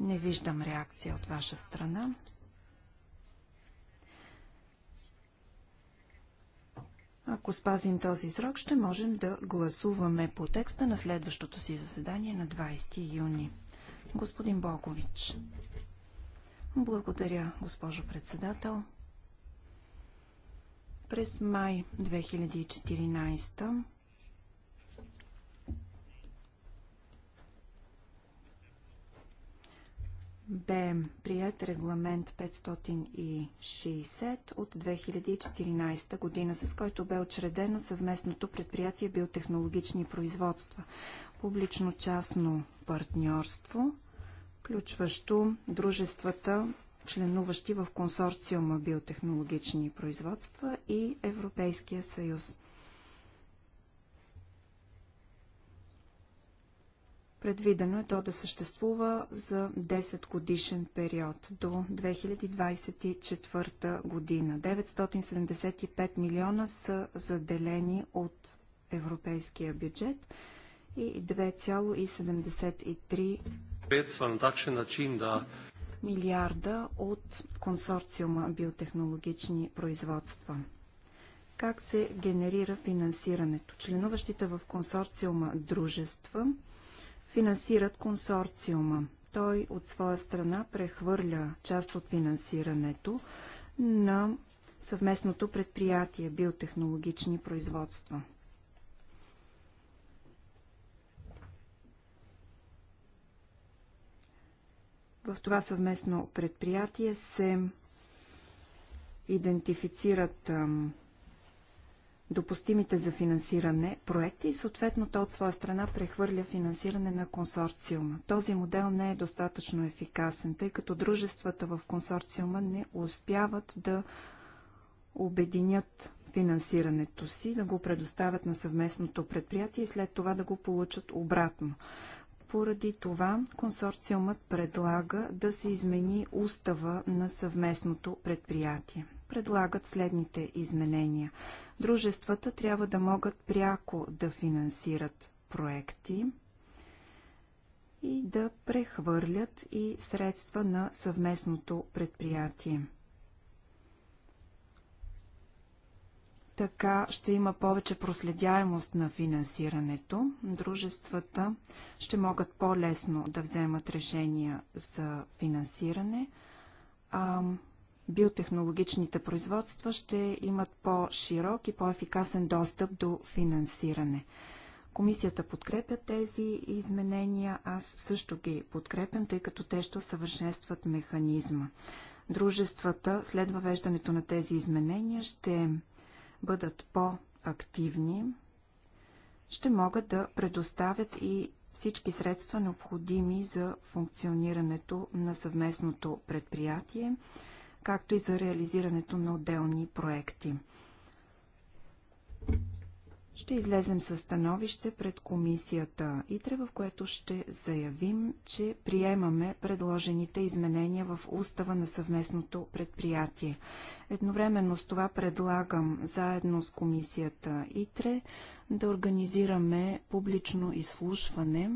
Не виждам реакция от ваша страна. Ако спазим този срок, ще можем да гласуваме по текста на следващото си заседание на 20 юни. Господин Богович. Благодаря, госпожо председател. През май 2014 бе прият регламент 560 от 2014 година, с който бе учредено съвместното предприятие биотехнологични производства, публично-частно партньорство, включващо дружествата, членуващи в консорциума биотехнологични производства и Европейския съюз. Предвидено е то да съществува за 10 годишен период до 2024 година. 975 милиона са заделени от европейския бюджет и 2,73 милиарда от консорциума биотехнологични производства. Как се генерира финансирането? Членуващите в консорциума дружества – финансират консорциума. Той от своя страна прехвърля част от финансирането на съвместното предприятие биотехнологични производства. В това съвместно предприятие се идентифицират допустимите за финансиране проекти и съответно то от своя страна прехвърля финансиране на консорциума. Този модел не е достатъчно ефикасен, тъй като дружествата в консорциума не успяват да обединят финансирането си, да го предоставят на съвместното предприятие и след това да го получат обратно. Поради това консорциумът предлага да се измени устава на съвместното предприятие предлагат следните изменения. Дружествата трябва да могат пряко да финансират проекти и да прехвърлят и средства на съвместното предприятие. Така ще има повече проследяемост на финансирането. Дружествата ще могат по-лесно да вземат решения за финансиране, а биотехнологичните производства ще имат по-широк и по-ефикасен достъп до финансиране. Комисията подкрепя тези изменения, аз също ги подкрепям, тъй като те ще усъвършенстват механизма. Дружествата след въвеждането на тези изменения ще бъдат по-активни, ще могат да предоставят и всички средства необходими за функционирането на съвместното предприятие както и за реализирането на отделни проекти. Ще излезем със становище пред комисията ИТРЕ, в което ще заявим, че приемаме предложените изменения в устава на съвместното предприятие. Едновременно с това предлагам заедно с комисията ИТРЕ да организираме публично изслушване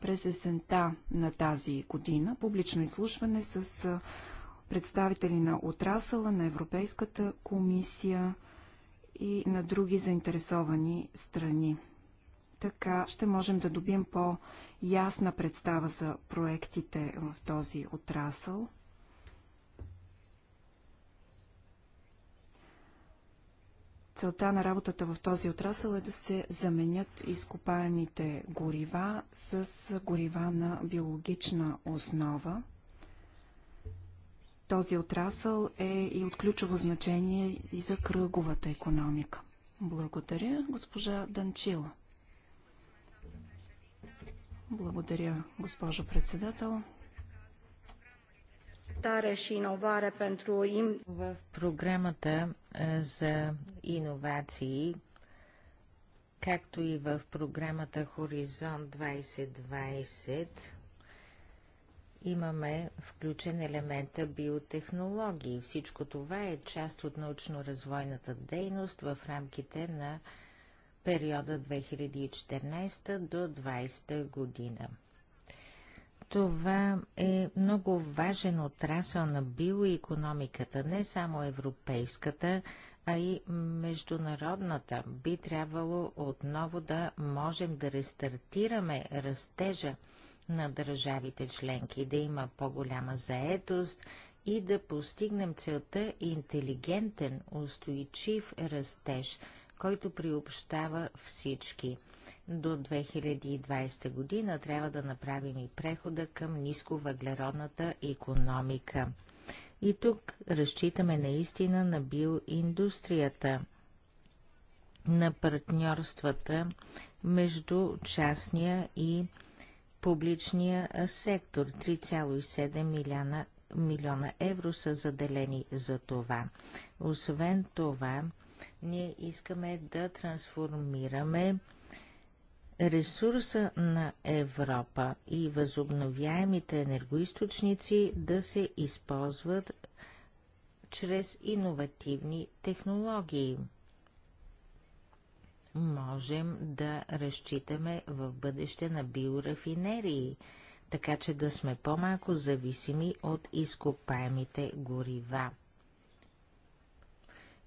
през есента на тази година публично изслушване с представители на отрасъла, на Европейската комисия и на други заинтересовани страни. Така ще можем да добием по-ясна представа за проектите в този отрасъл Целта на работата в този отрасъл е да се заменят изкопаемите горива с горива на биологична основа. Този отрасъл е и от ключово значение и за кръговата економика. Благодаря, госпожа Данчила. Благодаря, госпожо председател. В програмата е, за иновации, както и в програмата Хоризонт 2020, имаме включен елемента биотехнологии. Всичко това е част от научно-развойната дейност в рамките на периода 2014 до 2020 година. Това е много важен отрасъл на биоекономиката, не само европейската, а и международната. Би трябвало отново да можем да рестартираме растежа на държавите членки, да има по-голяма заетост и да постигнем целта интелигентен, устойчив растеж, който приобщава всички – до 2020 година трябва да направим и прехода към нисковъглеродната економика. И тук разчитаме наистина на биоиндустрията, на партньорствата между частния и публичния сектор. 3,7 милиона, милиона евро са заделени за това. Освен това, ние искаме да трансформираме ресурса на Европа и възобновяемите енергоисточници да се използват чрез иновативни технологии. Можем да разчитаме в бъдеще на биорафинерии, така че да сме по-малко зависими от изкопаемите горива.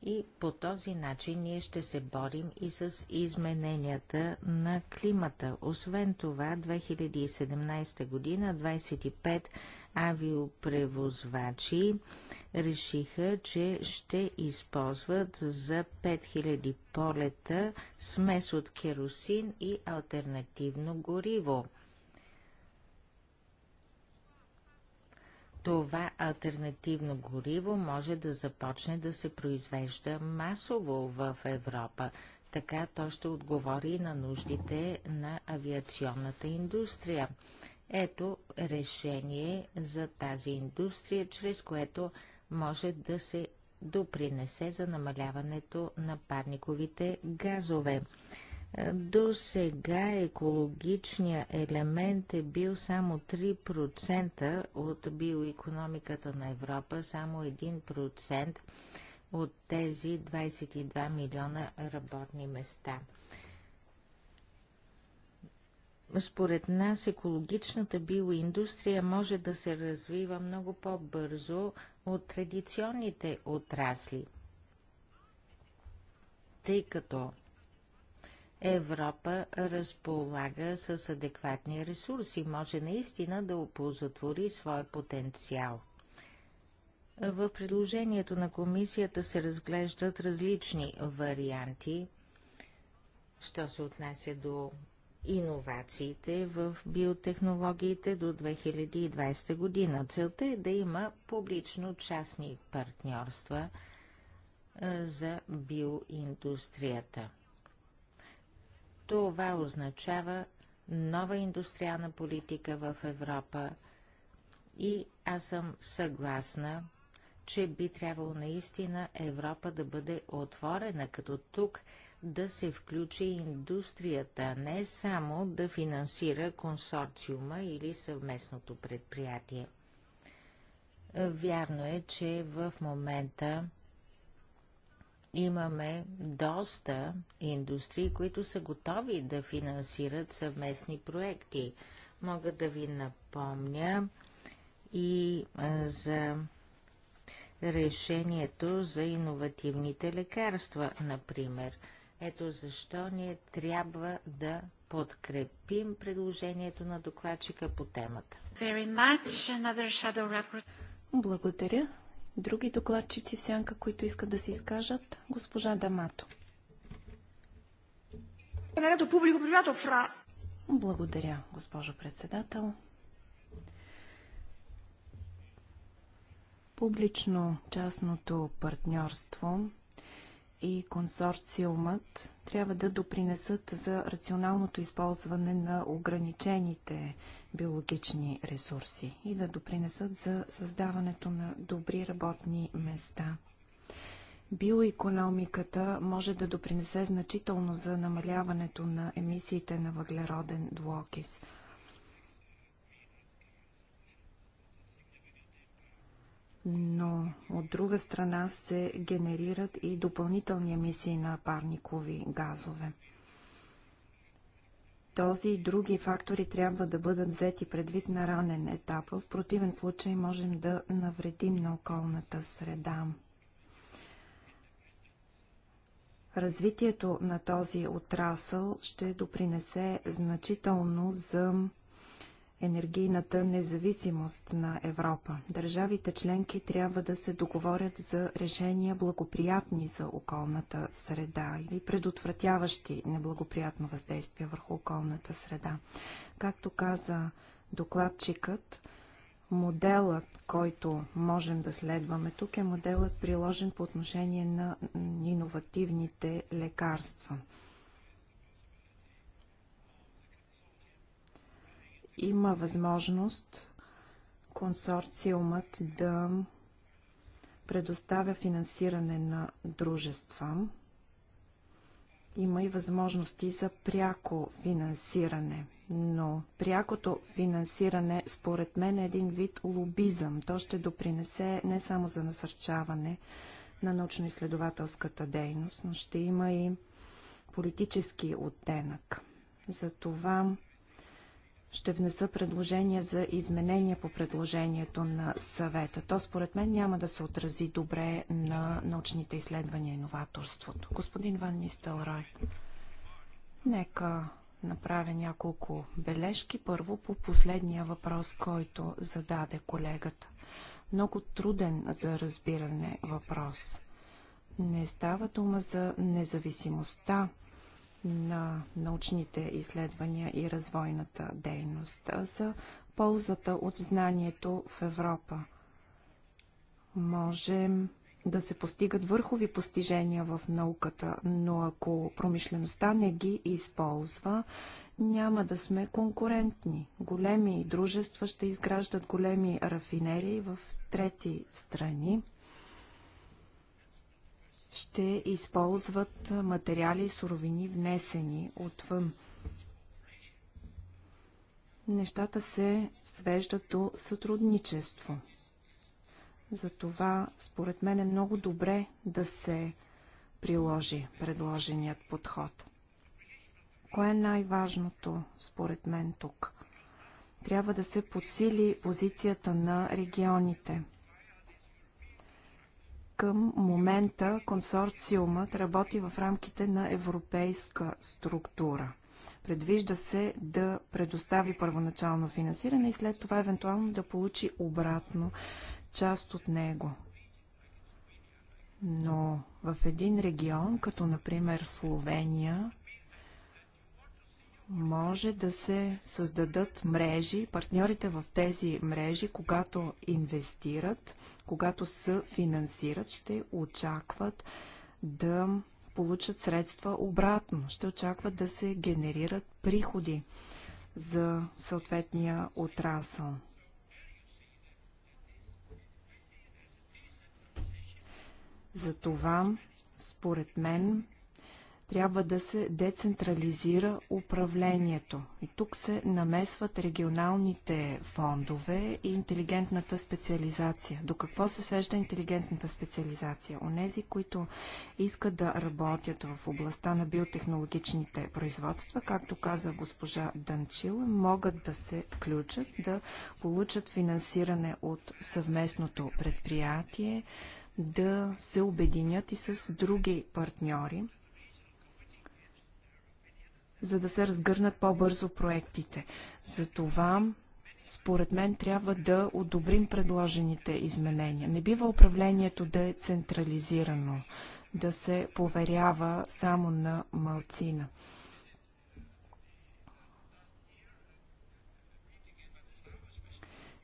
И по този начин ние ще се борим и с измененията на климата. Освен това, 2017 година 25 авиопревозвачи решиха, че ще използват за 5000 полета смес от керосин и альтернативно гориво – това альтернативно гориво може да започне да се произвежда масово в Европа. Така то ще отговори на нуждите на авиационната индустрия. Ето решение за тази индустрия, чрез което може да се допринесе за намаляването на парниковите газове. До сега екологичният елемент е бил само 3% от биоекономиката на Европа, само 1% от тези 22 милиона работни места. Според нас екологичната биоиндустрия може да се развива много по-бързо от традиционните отрасли, тъй като Европа разполага с адекватни ресурси, може наистина да оползотвори своя потенциал. В предложението на комисията се разглеждат различни варианти, що се отнася до иновациите в биотехнологиите до 2020 година. Целта е да има публично-частни партньорства за биоиндустрията. Това означава нова индустриална политика в Европа и аз съм съгласна, че би трябвало наистина Европа да бъде отворена, като тук да се включи индустрията, не само да финансира консорциума или съвместното предприятие. Вярно е, че в момента Имаме доста индустрии, които са готови да финансират съвместни проекти. Мога да ви напомня и за решението за иновативните лекарства, например. Ето защо ние трябва да подкрепим предложението на докладчика по темата. Благодаря. Други докладчици в сянка, които искат да се изкажат? Госпожа Дамато. Благодаря, госпожо председател. Публично-частното партньорство и консорциумът трябва да допринесат за рационалното използване на ограничените биологични ресурси и да допринесат за създаването на добри работни места. Биоекономиката може да допринесе значително за намаляването на емисиите на въглероден двуокис – но от друга страна се генерират и допълнителни емисии на парникови газове. Този и други фактори трябва да бъдат взети предвид на ранен етап. В противен случай можем да навредим на околната среда. Развитието на този отрасъл ще допринесе значително за енергийната независимост на Европа. Държавите членки трябва да се договорят за решения благоприятни за околната среда или предотвратяващи неблагоприятно въздействие върху околната среда. Както каза докладчикът, моделът, който можем да следваме тук е моделът приложен по отношение на иновативните лекарства – има възможност консорциумът да предоставя финансиране на дружества. Има и възможности за пряко финансиране, но прякото финансиране според мен е един вид лобизъм. То ще допринесе не само за насърчаване на научно-изследователската дейност, но ще има и политически оттенък. Затова това ще внеса предложение за изменение по предложението на съвета. То според мен няма да се отрази добре на научните изследвания и новаторството. Господин Ван Нистелрой, нека направя няколко бележки. Първо по последния въпрос, който зададе колегата. Много труден за разбиране въпрос. Не става дума за независимостта на научните изследвания и развойната дейност, за ползата от знанието в Европа. Можем да се постигат върхови постижения в науката, но ако промишлеността не ги използва, няма да сме конкурентни. Големи дружества ще изграждат големи рафинерии в трети страни ще използват материали и суровини внесени отвън. Нещата се свеждат до сътрудничество. Затова, според мен, е много добре да се приложи предложеният подход. Кое е най-важното, според мен, тук? Трябва да се подсили позицията на регионите – към момента консорциумът работи в рамките на европейска структура. Предвижда се да предостави първоначално финансиране и след това евентуално да получи обратно част от него. Но в един регион, като например Словения, може да се създадат мрежи, партньорите в тези мрежи, когато инвестират, когато се финансират, ще очакват да получат средства обратно, ще очакват да се генерират приходи за съответния отрасъл. Затова, според мен, трябва да се децентрализира управлението. И тук се намесват регионалните фондове и интелигентната специализация. До какво се свежда интелигентната специализация? Онези, които искат да работят в областта на биотехнологичните производства, както каза госпожа Данчил, могат да се включат, да получат финансиране от съвместното предприятие, да се обединят и с други партньори, за да се разгърнат по-бързо проектите. Затова, според мен, трябва да одобрим предложените изменения. Не бива управлението да е централизирано, да се поверява само на малцина.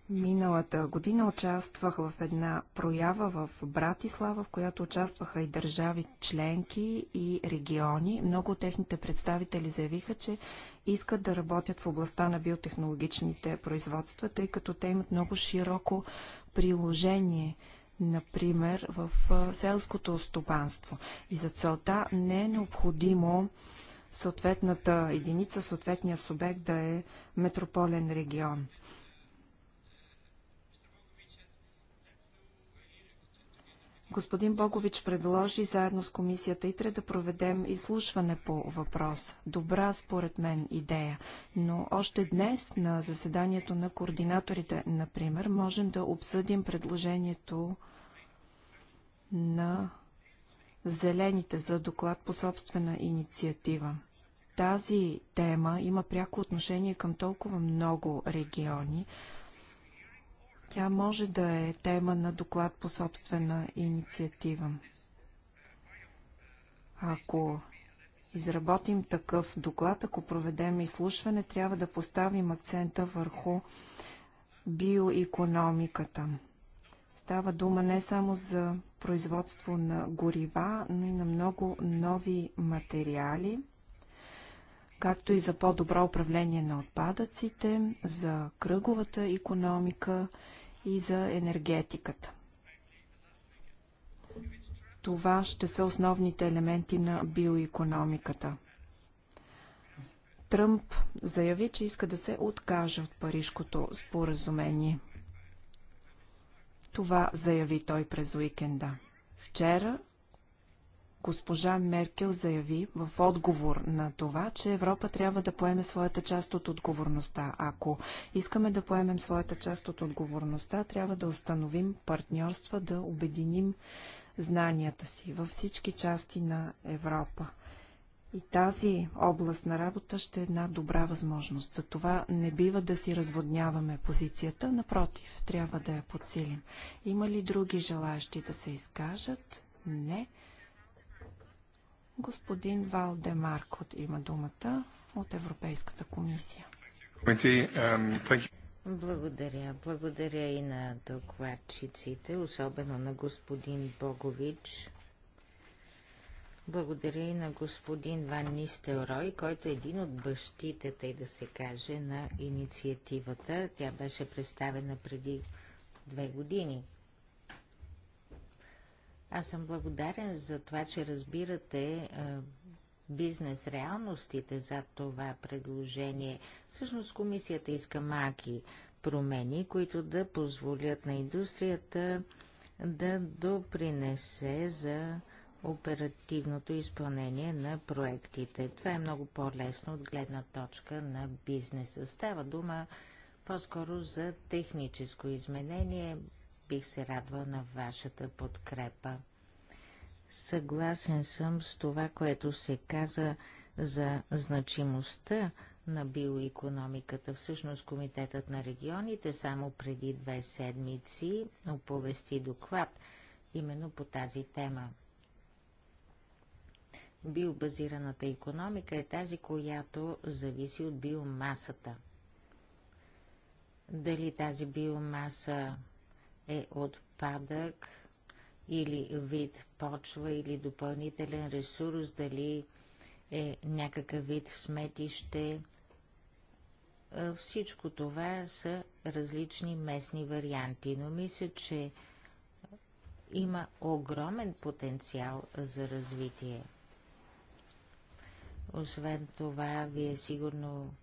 Миналата година участвах в една проява в Братислава, в която участваха и държави членки и региони. Много от техните представители заявиха, че искат да работят в областта на биотехнологичните производства, тъй като те имат много широко приложение например, в селското стопанство. И за целта не е необходимо съответната единица, съответния субект да е метрополен регион. Господин Богович предложи заедно с комисията ИТРЕ да проведем изслушване по въпрос. Добра, според мен, идея. Но още днес на заседанието на координаторите, например, можем да обсъдим предложението на зелените за доклад по собствена инициатива. Тази тема има пряко отношение към толкова много региони, тя може да е тема на доклад по собствена инициатива. Ако изработим такъв доклад, ако проведем изслушване, трябва да поставим акцента върху биоекономиката. Става дума не само за производство на горива, но и на много нови материали – както и за по-добро управление на отпадъците, за кръговата економика и за енергетиката. Това ще са основните елементи на биоекономиката. Тръмп заяви, че иска да се откаже от Парижкото споразумение. Това заяви той през уикенда. Вчера Госпожа Меркел заяви в отговор на това, че Европа трябва да поеме своята част от отговорността. Ако искаме да поемем своята част от отговорността, трябва да установим партньорства, да обединим знанията си във всички части на Европа. И тази област на работа ще е една добра възможност. За това не бива да си разводняваме позицията, напротив, трябва да я подсилим. Има ли други желаящи да се изкажат? Не. Господин Маркот има думата от Европейската комисия. Um, Благодаря. Благодаря и на докладчиците, особено на господин Богович. Благодаря и на господин Ван Нистелрой, който е един от бащите, тъй да се каже, на инициативата. Тя беше представена преди две години. Аз съм благодарен за това, че разбирате бизнес реалностите за това предложение. Всъщност комисията иска малки промени, които да позволят на индустрията да допринесе за оперативното изпълнение на проектите. Това е много по-лесно от гледна точка на бизнеса. Става дума по-скоро за техническо изменение, бих се радвал на вашата подкрепа. Съгласен съм с това, което се каза за значимостта на биоекономиката. Всъщност Комитетът на регионите само преди две седмици оповести доклад именно по тази тема. Биобазираната економика е тази, която зависи от биомасата. Дали тази биомаса е отпадък или вид почва или допълнителен ресурс, дали е някакъв вид сметище. Е, всичко това са различни местни варианти, но мисля, че има огромен потенциал за развитие. Освен това, вие сигурно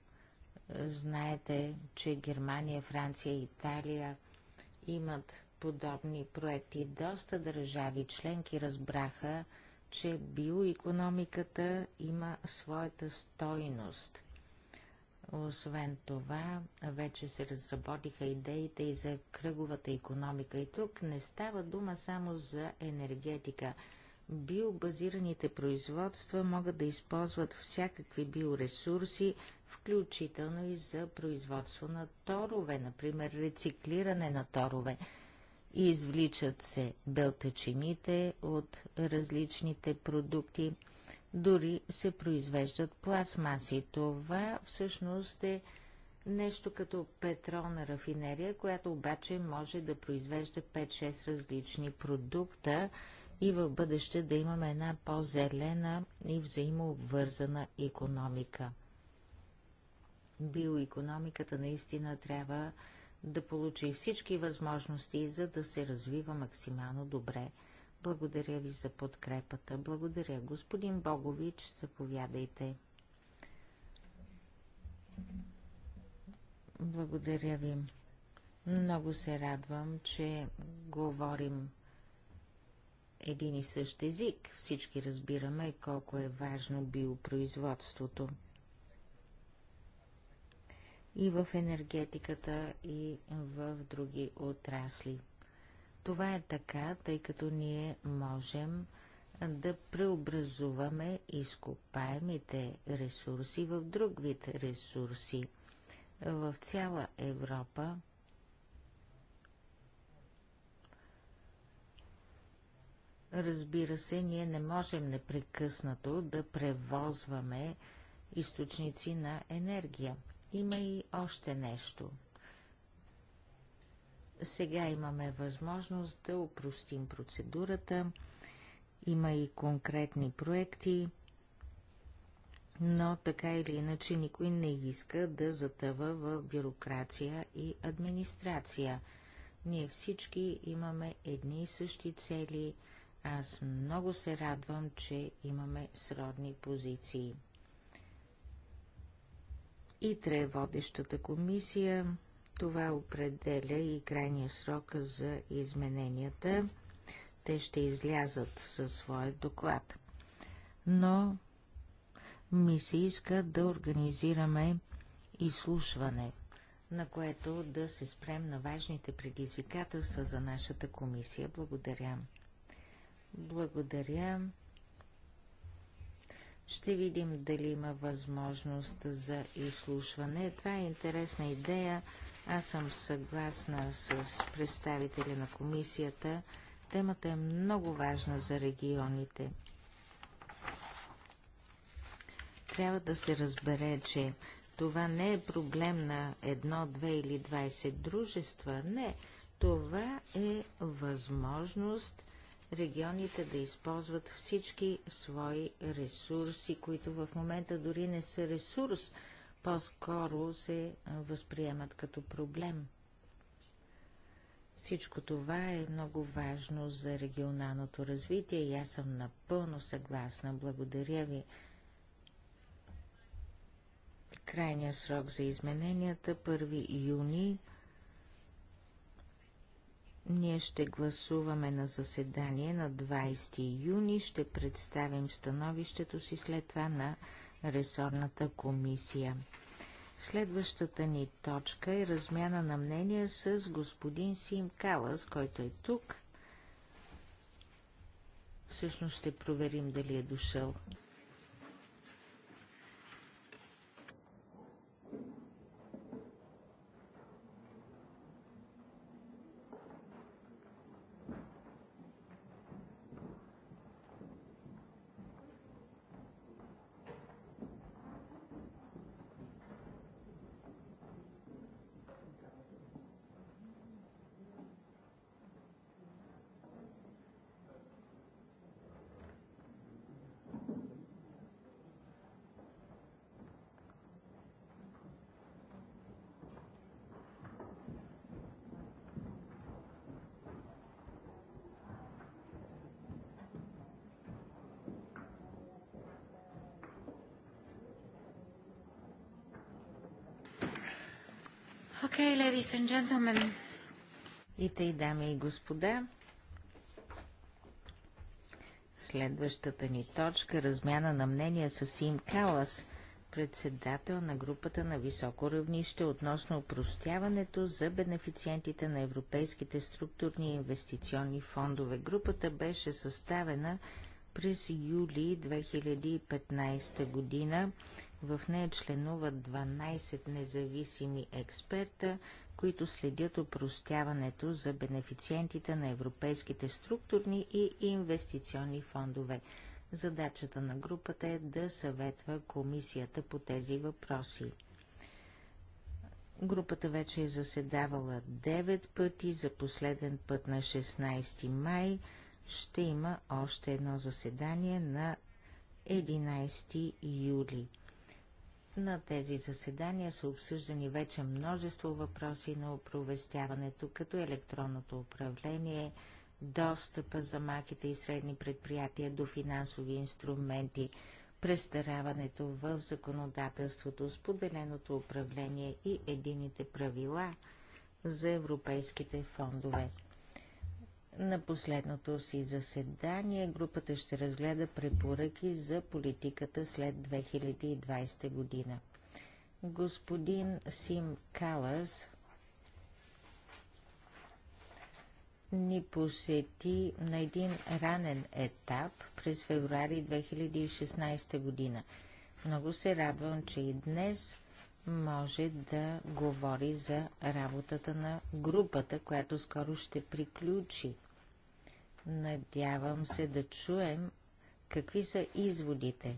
знаете, че Германия, Франция и Италия – имат подобни проекти. Доста държави членки разбраха, че биоекономиката има своята стойност. Освен това, вече се разработиха идеите и за кръговата економика. И тук не става дума само за енергетика. Биобазираните производства могат да използват всякакви биоресурси, включително и за производство на торове, например рециклиране на торове. Извличат се белтачините от различните продукти, дори се произвеждат пластмаси. Това всъщност е нещо като петролна рафинерия, която обаче може да произвежда 5-6 различни продукта и в бъдеще да имаме една по-зелена и взаимообвързана економика биоекономиката наистина трябва да получи всички възможности, за да се развива максимално добре. Благодаря ви за подкрепата. Благодаря. Господин Богович, заповядайте. Благодаря ви. Много се радвам, че говорим един и същ език. Всички разбираме колко е важно биопроизводството и в енергетиката, и в други отрасли. Това е така, тъй като ние можем да преобразуваме изкопаемите ресурси в друг вид ресурси. В цяла Европа Разбира се, ние не можем непрекъснато да превозваме източници на енергия – има и още нещо. Сега имаме възможност да упростим процедурата. Има и конкретни проекти, но така или иначе никой не иска да затъва в бюрокрация и администрация. Ние всички имаме едни и същи цели. Аз много се радвам, че имаме сродни позиции е водещата комисия, това определя и крайния срок за измененията. Те ще излязат със своя доклад. Но ми се иска да организираме изслушване, на което да се спрем на важните предизвикателства за нашата комисия. Благодаря. Благодаря. Ще видим дали има възможност за изслушване. Това е интересна идея. Аз съм съгласна с представителя на комисията. Темата е много важна за регионите. Трябва да се разбере, че това не е проблем на едно, две или 20 дружества. Не, това е възможност регионите да използват всички свои ресурси, които в момента дори не са ресурс, по-скоро се възприемат като проблем. Всичко това е много важно за регионалното развитие и аз съм напълно съгласна. Благодаря ви. Крайният срок за измененията 1 юни ние ще гласуваме на заседание на 20 юни, ще представим становището си след това на ресорната комисия. Следващата ни точка е размяна на мнения с господин Сим Калас, който е тук. Всъщност ще проверим дали е дошъл. Ladies and gentlemen. И тъй, дами и господа, следващата ни точка – размяна на мнения с Сим Калас, председател на групата на високо равнище относно упростяването за бенефициентите на европейските структурни и инвестиционни фондове. Групата беше съставена през юли 2015 година. В нея членуват 12 независими експерта които следят опростяването за бенефициентите на европейските структурни и инвестиционни фондове. Задачата на групата е да съветва комисията по тези въпроси. Групата вече е заседавала 9 пъти, за последен път на 16 май ще има още едно заседание на 11 юли. На тези заседания са обсъждани вече множество въпроси на оповестяването, като електронното управление, достъпа за маките и средни предприятия до финансови инструменти, престараването в законодателството, споделеното управление и едините правила за европейските фондове. На последното си заседание групата ще разгледа препоръки за политиката след 2020 година. Господин Сим Калас ни посети на един ранен етап през февруари 2016 година. Много се радвам, че и днес може да говори за работата на групата, която скоро ще приключи. Надявам се да чуем какви са изводите.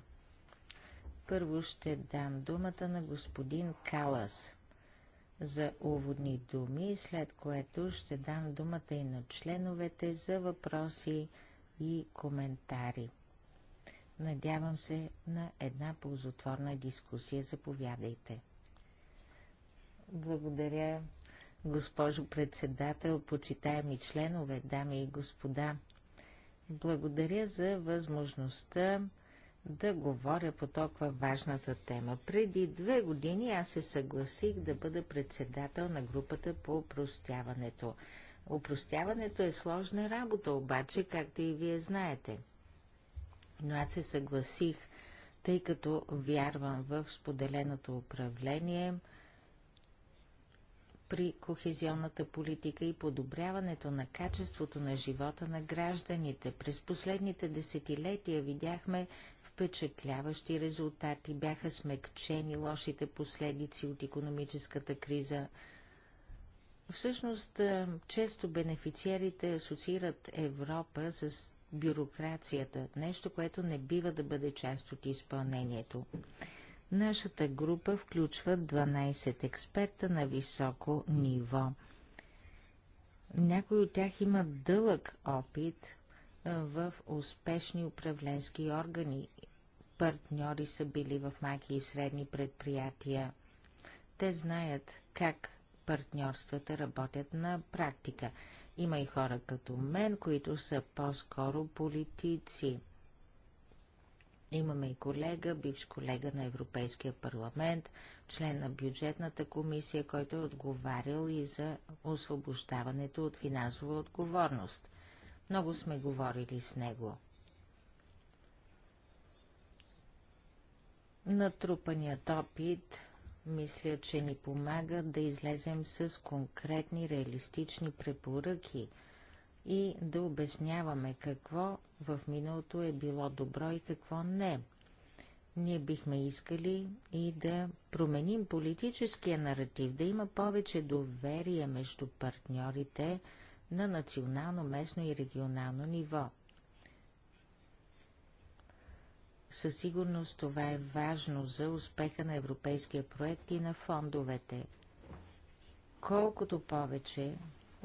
Първо ще дам думата на господин Калас за уводни думи, след което ще дам думата и на членовете за въпроси и коментари. Надявам се на една ползотворна дискусия. Заповядайте. Благодаря, госпожо председател, почитаеми членове, дами и господа. Благодаря за възможността да говоря по толкова важната тема. Преди две години аз се съгласих да бъда председател на групата по упростяването. Упростяването е сложна работа, обаче, както и вие знаете. Но аз се съгласих, тъй като вярвам в споделеното управление – при кохезионната политика и подобряването на качеството на живота на гражданите. През последните десетилетия видяхме впечатляващи резултати, бяха смекчени лошите последици от економическата криза. Всъщност, често бенефициерите асоциират Европа с бюрокрацията, нещо, което не бива да бъде част от изпълнението. Нашата група включва 12 експерта на високо ниво. Някои от тях имат дълъг опит в успешни управленски органи. Партньори са били в маки и средни предприятия. Те знаят как партньорствата работят на практика. Има и хора като мен, които са по-скоро политици – Имаме и колега, бивш колега на Европейския парламент, член на бюджетната комисия, който е отговарял и за освобождаването от финансова отговорност. Много сме говорили с него. Натрупаният опит мисля, че ни помага да излезем с конкретни реалистични препоръки – и да обясняваме какво в миналото е било добро и какво не. Ние бихме искали и да променим политическия наратив, да има повече доверие между партньорите на национално, местно и регионално ниво. Със сигурност това е важно за успеха на европейския проект и на фондовете. Колкото повече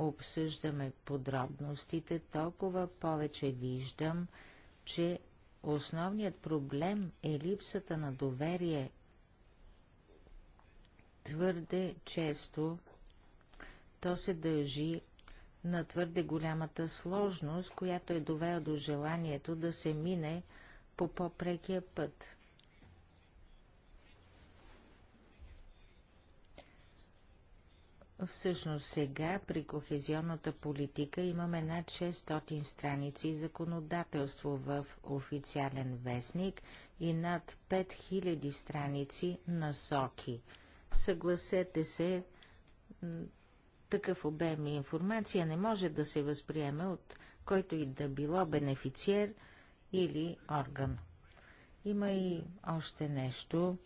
обсъждаме подробностите, толкова повече виждам, че основният проблем е липсата на доверие. Твърде често то се дължи на твърде голямата сложност, която е довела до желанието да се мине по по-прекия път. Всъщност сега при кохезионната политика имаме над 600 страници законодателство в официален вестник и над 5000 страници насоки. Съгласете се, такъв обем информация не може да се възприеме от който и да било бенефициер или орган. Има и още нещо.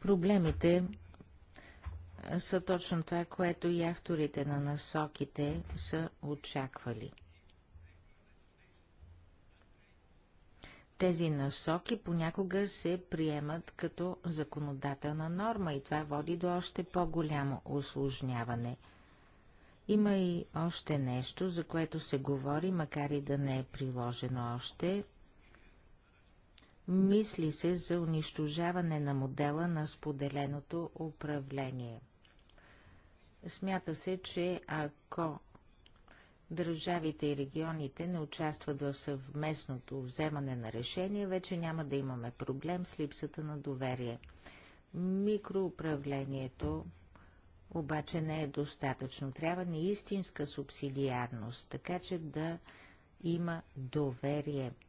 Проблемите са точно това, което и авторите на насоките са очаквали. Тези насоки понякога се приемат като законодателна норма и това води до още по-голямо осложняване. Има и още нещо, за което се говори, макар и да не е приложено още. Мисли се за унищожаване на модела на споделеното управление – Смята се, че ако държавите и регионите не участват в съвместното вземане на решение, вече няма да имаме проблем с липсата на доверие. Микроуправлението обаче не е достатъчно. Трябва ни истинска субсидиарност, така че да има доверие –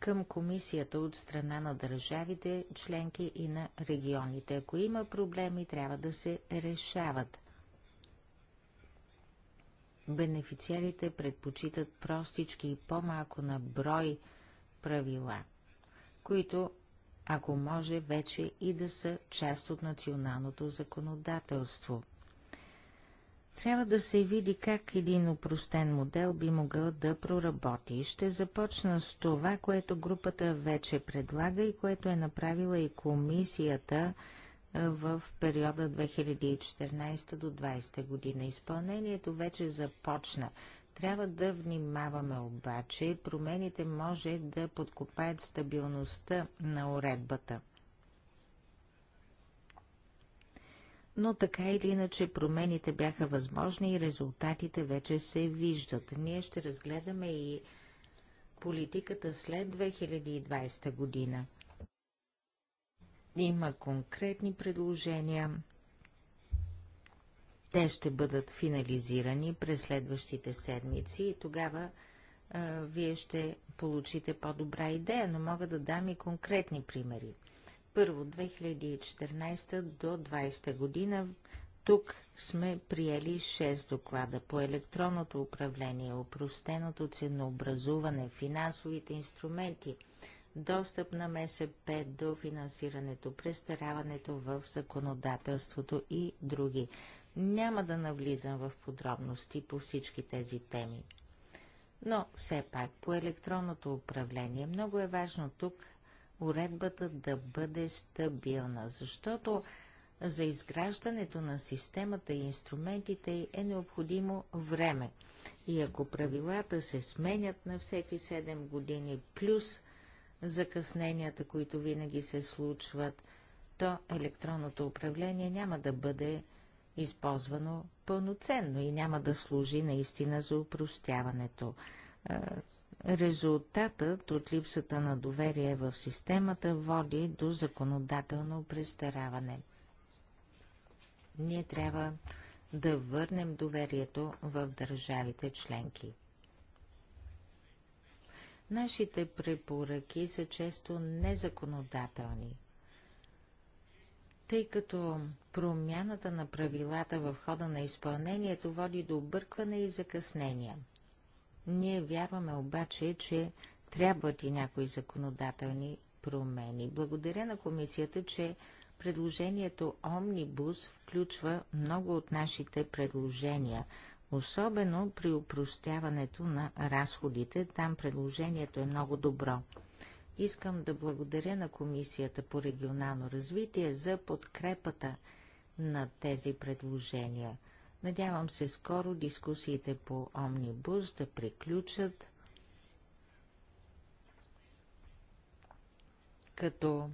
към комисията от страна на държавите, членки и на регионите. Ако има проблеми, трябва да се решават. Бенефициарите предпочитат простички и по-малко на брой правила, които, ако може, вече и да са част от националното законодателство – трябва да се види как един упростен модел би могъл да проработи. Ще започна с това, което групата вече предлага и което е направила и комисията в периода 2014 до 2020 година. Изпълнението вече започна. Трябва да внимаваме обаче, промените може да подкопаят стабилността на уредбата. но така или иначе промените бяха възможни и резултатите вече се виждат. Ние ще разгледаме и политиката след 2020 година. Има конкретни предложения. Те ще бъдат финализирани през следващите седмици и тогава а, вие ще получите по-добра идея, но мога да дам и конкретни примери. Първо, 2014 до 2020 година тук сме приели 6 доклада по електронното управление, упростеното ценообразуване, финансовите инструменти, достъп на МСП до финансирането, престараването в законодателството и други. Няма да навлизам в подробности по всички тези теми. Но все пак по електронното управление много е важно тук уредбата да бъде стабилна, защото за изграждането на системата и инструментите е необходимо време. И ако правилата се сменят на всеки 7 години, плюс закъсненията, които винаги се случват, то електронното управление няма да бъде използвано пълноценно и няма да служи наистина за упростяването. Резултатът от липсата на доверие в системата води до законодателно престараване. Ние трябва да върнем доверието в държавите членки. Нашите препоръки са често незаконодателни, тъй като промяната на правилата в хода на изпълнението води до объркване и закъснения – ние вярваме обаче, че трябват и някои законодателни промени. Благодаря на комисията, че предложението Омнибус включва много от нашите предложения, особено при упростяването на разходите. Там предложението е много добро. Искам да благодаря на Комисията по регионално развитие за подкрепата на тези предложения – Надявам се скоро дискусиите по Омнибус да приключат, като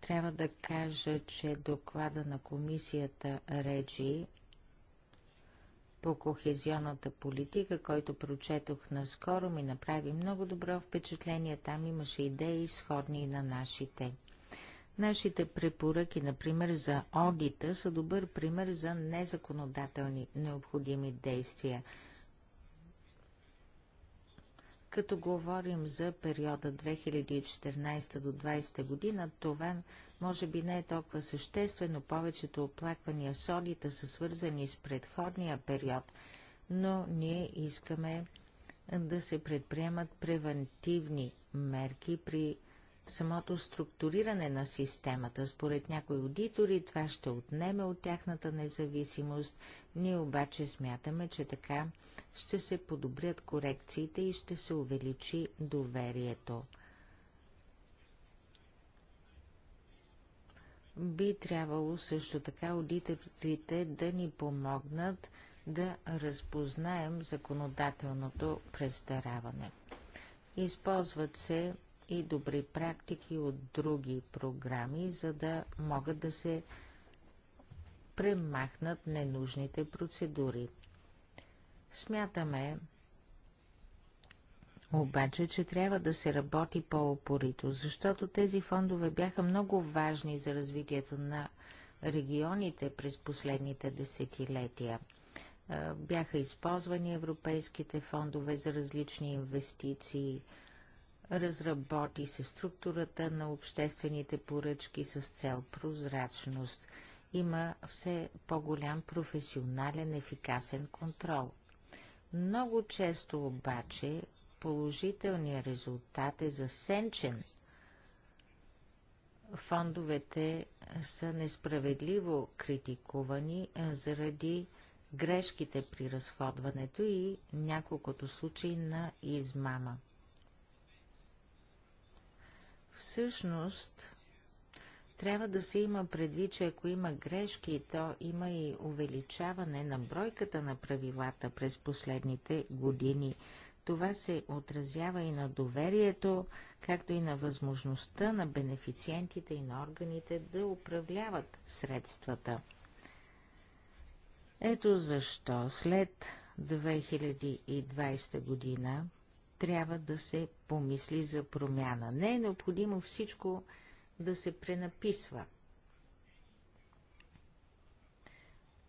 трябва да кажа, че доклада на комисията Реджи по кохезионната политика, който прочетох наскоро, ми направи много добро впечатление. Там имаше идеи, сходни на нашите. Нашите препоръки, например, за одита са добър пример за незаконодателни необходими действия. Като говорим за периода 2014 до 2020 година, това може би не е толкова съществено. Повечето оплаквания с одита са свързани с предходния период, но ние искаме да се предприемат превентивни мерки при самото структуриране на системата. Според някои аудитори това ще отнеме от тяхната независимост. Ние обаче смятаме, че така ще се подобрят корекциите и ще се увеличи доверието. Би трябвало също така аудиторите да ни помогнат да разпознаем законодателното престараване. Използват се и добри практики от други програми, за да могат да се премахнат ненужните процедури. Смятаме, обаче, че трябва да се работи по-опорито, защото тези фондове бяха много важни за развитието на регионите през последните десетилетия. Е, бяха използвани европейските фондове за различни инвестиции – Разработи се структурата на обществените поръчки с цел прозрачност. Има все по-голям професионален ефикасен контрол. Много често обаче положителният резултат е засенчен. Фондовете са несправедливо критикувани заради грешките при разходването и няколкото случаи на измама. Всъщност, трябва да се има предвид, че ако има грешки, то има и увеличаване на бройката на правилата през последните години. Това се отразява и на доверието, както и на възможността на бенефициентите и на органите да управляват средствата. Ето защо след 2020 година трябва да се помисли за промяна. Не е необходимо всичко да се пренаписва.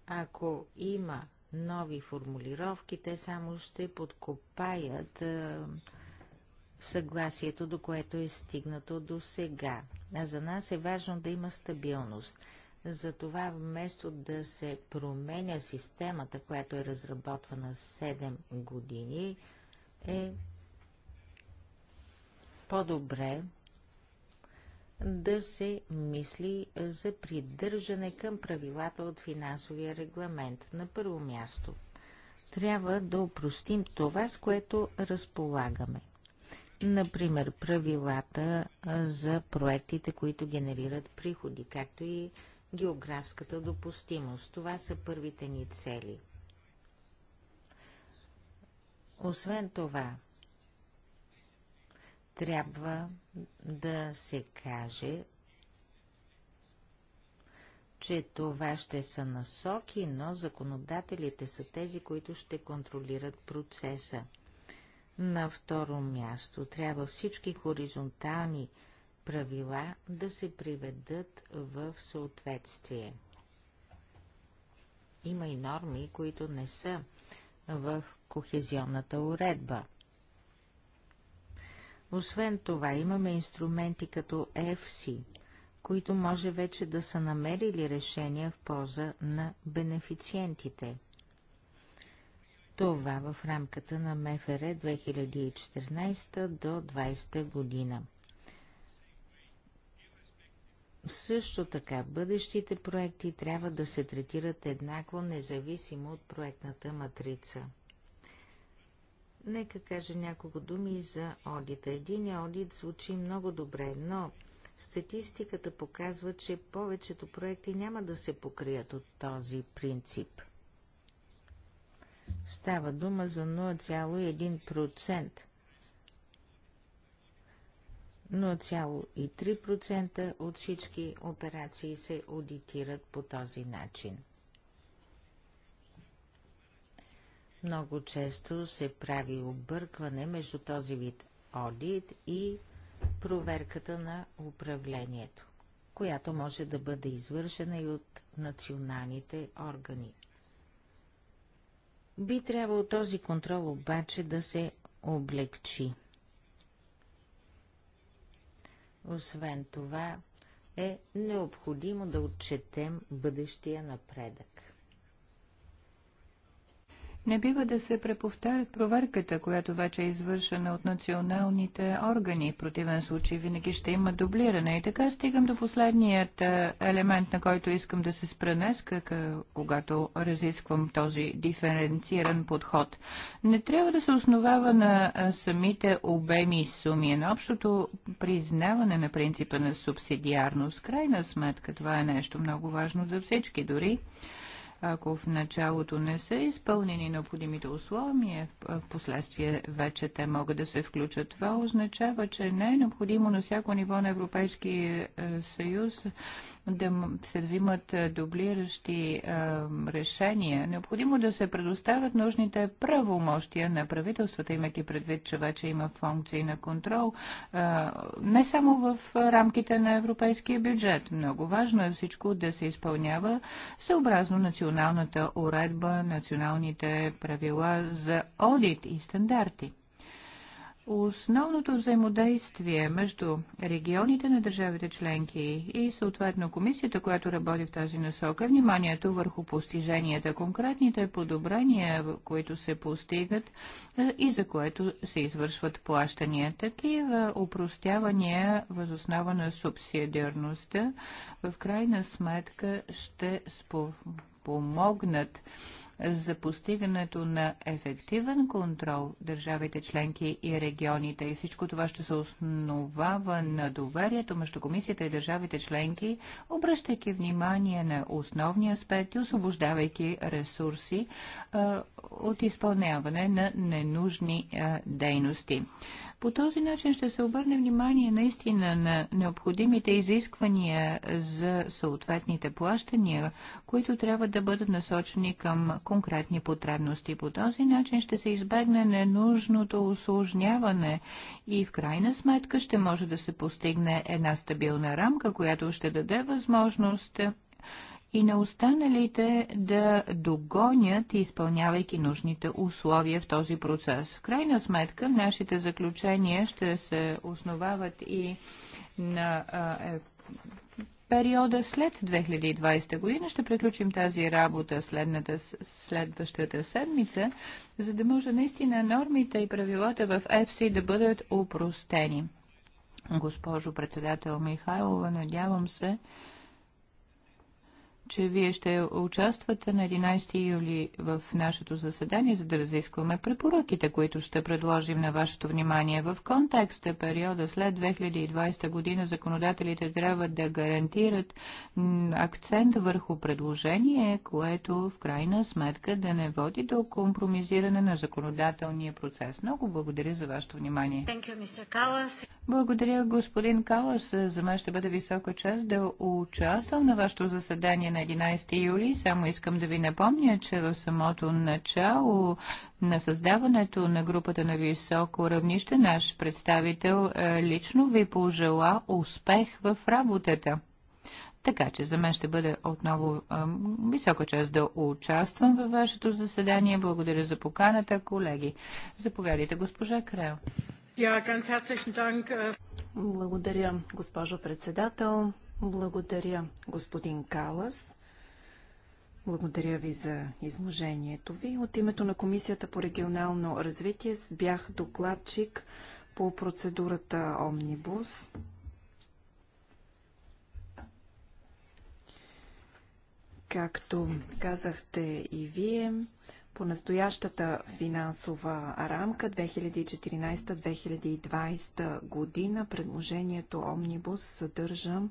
Ако има нови формулировки, те само ще подкопаят е, съгласието, до което е стигнато до сега. А за нас е важно да има стабилност. Затова вместо да се променя системата, която е разработвана 7 години, е по-добре да се мисли за придържане към правилата от финансовия регламент. На първо място трябва да упростим това, с което разполагаме. Например, правилата за проектите, които генерират приходи, както и географската допустимост. Това са първите ни цели. Освен това, трябва да се каже, че това ще са насоки, но законодателите са тези, които ще контролират процеса. На второ място трябва всички хоризонтални правила да се приведат в съответствие. Има и норми, които не са в кохезионната уредба. Освен това, имаме инструменти като FC, които може вече да са намерили решения в полза на бенефициентите. Това в рамката на МФР 2014 до 2020 година. Също така, бъдещите проекти трябва да се третират еднакво, независимо от проектната матрица. Нека кажа няколко думи за одита. Един одит звучи много добре, но статистиката показва, че повечето проекти няма да се покрият от този принцип. Става дума за 0,1%. 0,3% от всички операции се аудитират по този начин. Много често се прави объркване между този вид одит и проверката на управлението, която може да бъде извършена и от националните органи. Би трябвало този контрол обаче да се облегчи. Освен това, е необходимо да отчетем бъдещия напредък. Не бива да се преповтарят проверката, която вече е извършена от националните органи. В противен случай винаги ще има дублиране. И така стигам до последният е, елемент, на който искам да се спра днес, когато разисквам този диференциран подход. Не трябва да се основава на е, самите обеми суми, на общото признаване на принципа на субсидиарност. Крайна сметка това е нещо много важно за всички, дори ако в началото не са изпълнени необходимите условия, в последствие вече те могат да се включат. Това означава, че не е необходимо на всяко ниво на Европейския е, съюз да се взимат дублиращи е, решения. Необходимо да се предоставят нужните правомощия на правителствата, имайки предвид, че вече има функции на контрол, е, не само в рамките на европейския бюджет. Много важно е всичко да се изпълнява съобразно националната уредба, националните правила за одит и стандарти. Основното взаимодействие между регионите на държавите членки и съответно комисията, която работи в тази насока, е вниманието върху постиженията, конкретните подобрения, които се постигат е, и за което се извършват плащания. Такива упростявания възоснова на субсидиарността в крайна сметка ще спомогнат за постигането на ефективен контрол държавите членки и регионите. И всичко това ще се основава на доверието между комисията и държавите членки, обръщайки внимание на основни аспекти, освобождавайки ресурси а, от изпълняване на ненужни а, дейности. По този начин ще се обърне внимание наистина на необходимите изисквания за съответните плащания, които трябва да бъдат насочени към конкретни потребности. По този начин ще се избегне ненужното осложняване и в крайна сметка ще може да се постигне една стабилна рамка, която ще даде възможност и на останалите да догонят, изпълнявайки нужните условия в този процес. В крайна сметка, нашите заключения ще се основават и на а, е, периода след 2020 година. Ще приключим тази работа следната, следващата седмица, за да може наистина нормите и правилата в ФС да бъдат упростени. Госпожо председател Михайлова, надявам се, че вие ще участвате на 11 юли в нашето заседание, за да разискваме препоръките, които ще предложим на вашето внимание. В контекста периода след 2020 година законодателите трябва да гарантират акцент върху предложение, което в крайна сметка да не води до компромизиране на законодателния процес. Много благодаря за вашето внимание. You, благодаря, господин Калас. За мен ще бъде висока чест да участвам на вашето заседание на 11 юли. Само искам да ви напомня, че в самото начало на създаването на групата на високо равнище наш представител е, лично ви пожела успех в работата. Така че за мен ще бъде отново а, е, висока чест да участвам във вашето заседание. Благодаря за поканата, колеги. Заповядайте, госпожа Крел. Äh, Благодаря, госпожо председател. Благодаря, господин Калас. Благодаря ви за изложението ви. От името на Комисията по регионално развитие бях докладчик по процедурата Омнибус. Както казахте и вие, по настоящата финансова рамка 2014-2020 година предложението Омнибус съдържа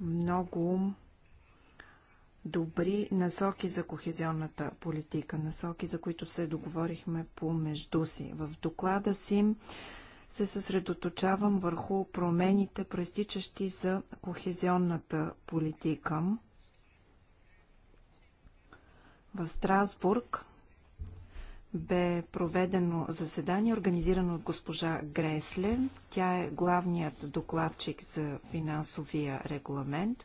много добри насоки за кохезионната политика, насоки, за които се договорихме помежду си. В доклада си се съсредоточавам върху промените, проистичащи за кохезионната политика. В Страсбург бе проведено заседание, организирано от госпожа Гресле. Тя е главният докладчик за финансовия регламент.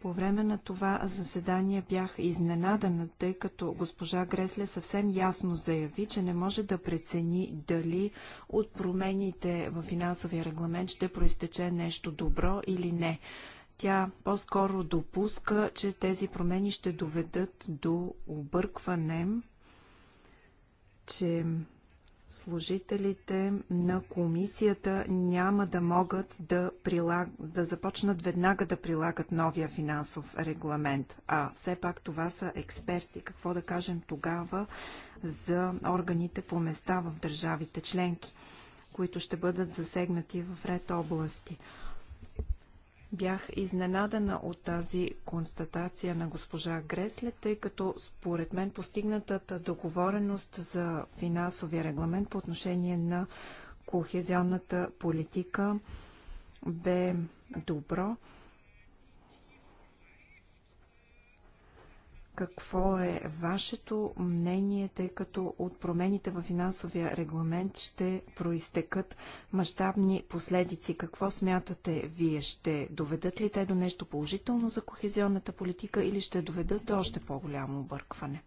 По време на това заседание бях изненадана, тъй като госпожа Гресле съвсем ясно заяви, че не може да прецени дали от промените в финансовия регламент ще проистече нещо добро или не. Тя по-скоро допуска, че тези промени ще доведат до объркване че служителите на комисията няма да могат да, прилаг... да започнат веднага да прилагат новия финансов регламент. А все пак това са експерти. Какво да кажем тогава за органите по места в държавите членки, които ще бъдат засегнати в ред области? Бях изненадана от тази констатация на госпожа Гресле, тъй като според мен постигнатата договореност за финансовия регламент по отношение на кохезионната политика бе добро. какво е вашето мнение, тъй като от промените в финансовия регламент ще проистекат мащабни последици. Какво смятате вие? Ще доведат ли те до нещо положително за кохезионната политика или ще доведат до още по-голямо объркване?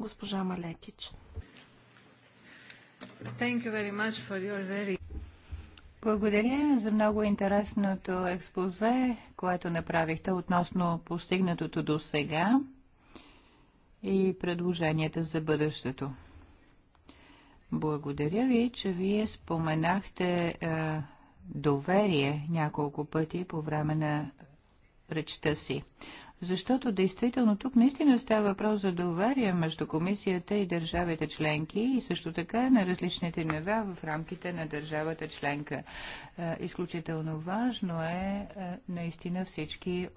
Госпожа Малетич. Very... Благодаря за много интересното експозе, което направихте относно постигнатото до сега и предложенията за бъдещето. Благодаря ви, че вие споменахте е, доверие няколко пъти по време на речта си. Защото действително тук наистина става въпрос за доверие между комисията и държавите членки и също така на различните нива в рамките на държавата членка. Е, изключително важно е, е наистина всички е,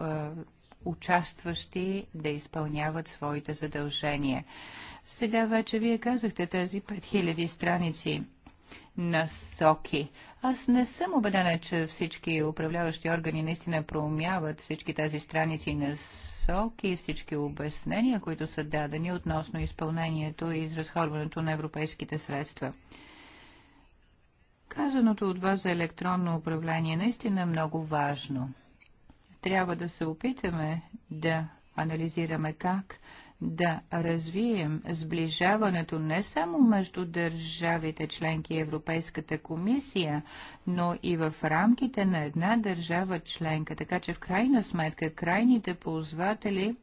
участващи да изпълняват своите задължения. Сега вече вие казахте тези 5000 страници насоки. Аз не съм убедена, че всички управляващи органи наистина проумяват всички тези страници насоки и всички обяснения, които са дадени относно изпълнението и изразходването на европейските средства. Казаното от вас за електронно управление е наистина е много важно – трябва да се опитаме да анализираме как да развием сближаването не само между държавите членки и Европейската комисия, но и в рамките на една държава членка, така че в крайна сметка крайните ползватели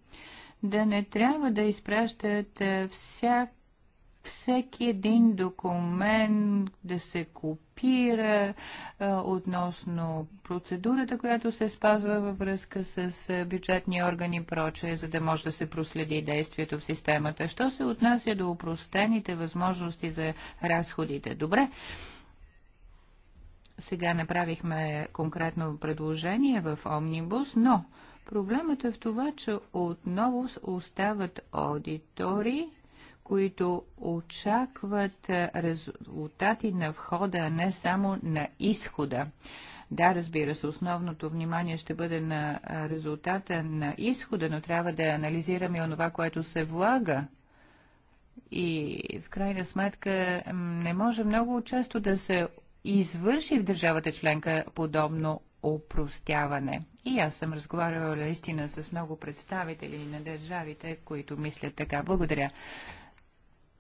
да не трябва да изпращат всяк всеки един документ да се копира а, относно процедурата, която се спазва във връзка с бюджетни органи и прочее, за да може да се проследи действието в системата. Що се отнася до упростените възможности за разходите? Добре. Сега направихме конкретно предложение в Омнибус, но проблемът е в това, че отново остават аудитори, които очакват резултати на входа, а не само на изхода. Да, разбира се, основното внимание ще бъде на резултата на изхода, но трябва да анализираме онова, което се влага. И в крайна сметка не може много често да се извърши в държавата членка подобно опростяване. И аз съм разговаряла наистина с много представители на държавите, които мислят така. Благодаря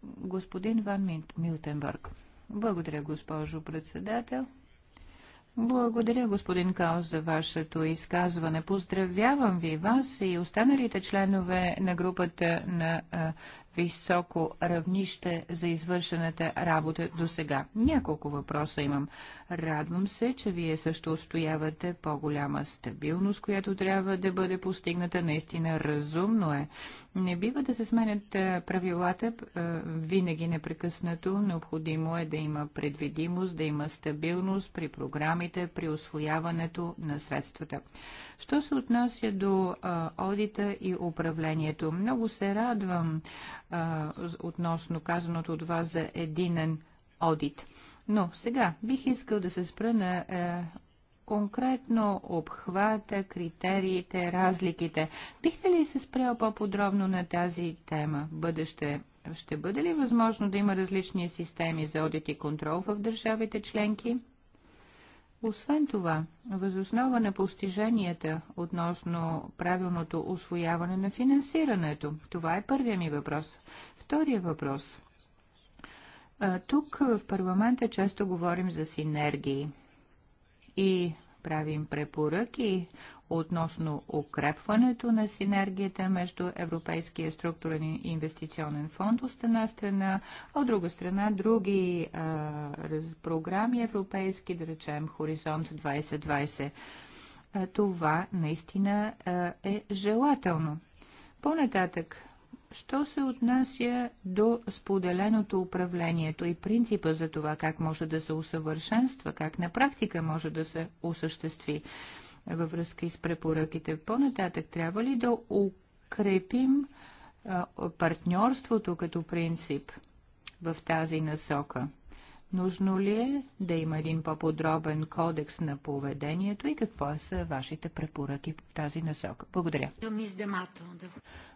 господин Ван Милтенбърг. Благодаря, госпожо председател. Благодаря, господин Каус за вашето изказване. Поздравявам ви, вас и останалите членове на групата на високо равнище за извършената работа до сега. Няколко въпроса имам. Радвам се, че вие също отстоявате по-голяма стабилност, която трябва да бъде постигната. Наистина разумно е. Не бива да се сменят правилата винаги непрекъснато. Необходимо е да има предвидимост, да има стабилност при програмите, при освояването на средствата. Що се отнася до одита и управлението? Много се радвам а, относно казаното от вас за единен одит. Но сега бих искал да се спра на е, конкретно обхвата, критериите, разликите. Бихте ли се спрял по-подробно на тази тема? Бъдеще ще бъде ли възможно да има различни системи за одит и контрол в държавите членки? Освен това, възоснова на постиженията относно правилното освояване на финансирането, това е първия ми въпрос. Втория въпрос. Тук в парламента често говорим за синергии. И правим препоръки относно укрепването на синергията между Европейския структурен и инвестиционен фонд от една страна, а от друга страна други а, програми европейски, да речем Хоризонт 2020. А, това наистина а, е желателно. По-нататък Що се отнася до споделеното управлението и принципа за това как може да се усъвършенства, как на практика може да се осъществи във връзка и с препоръките, по-нататък трябва ли да укрепим партньорството като принцип в тази насока? Нужно ли е да има един по-подробен кодекс на поведението и какво са вашите препоръки в тази насока? Благодаря.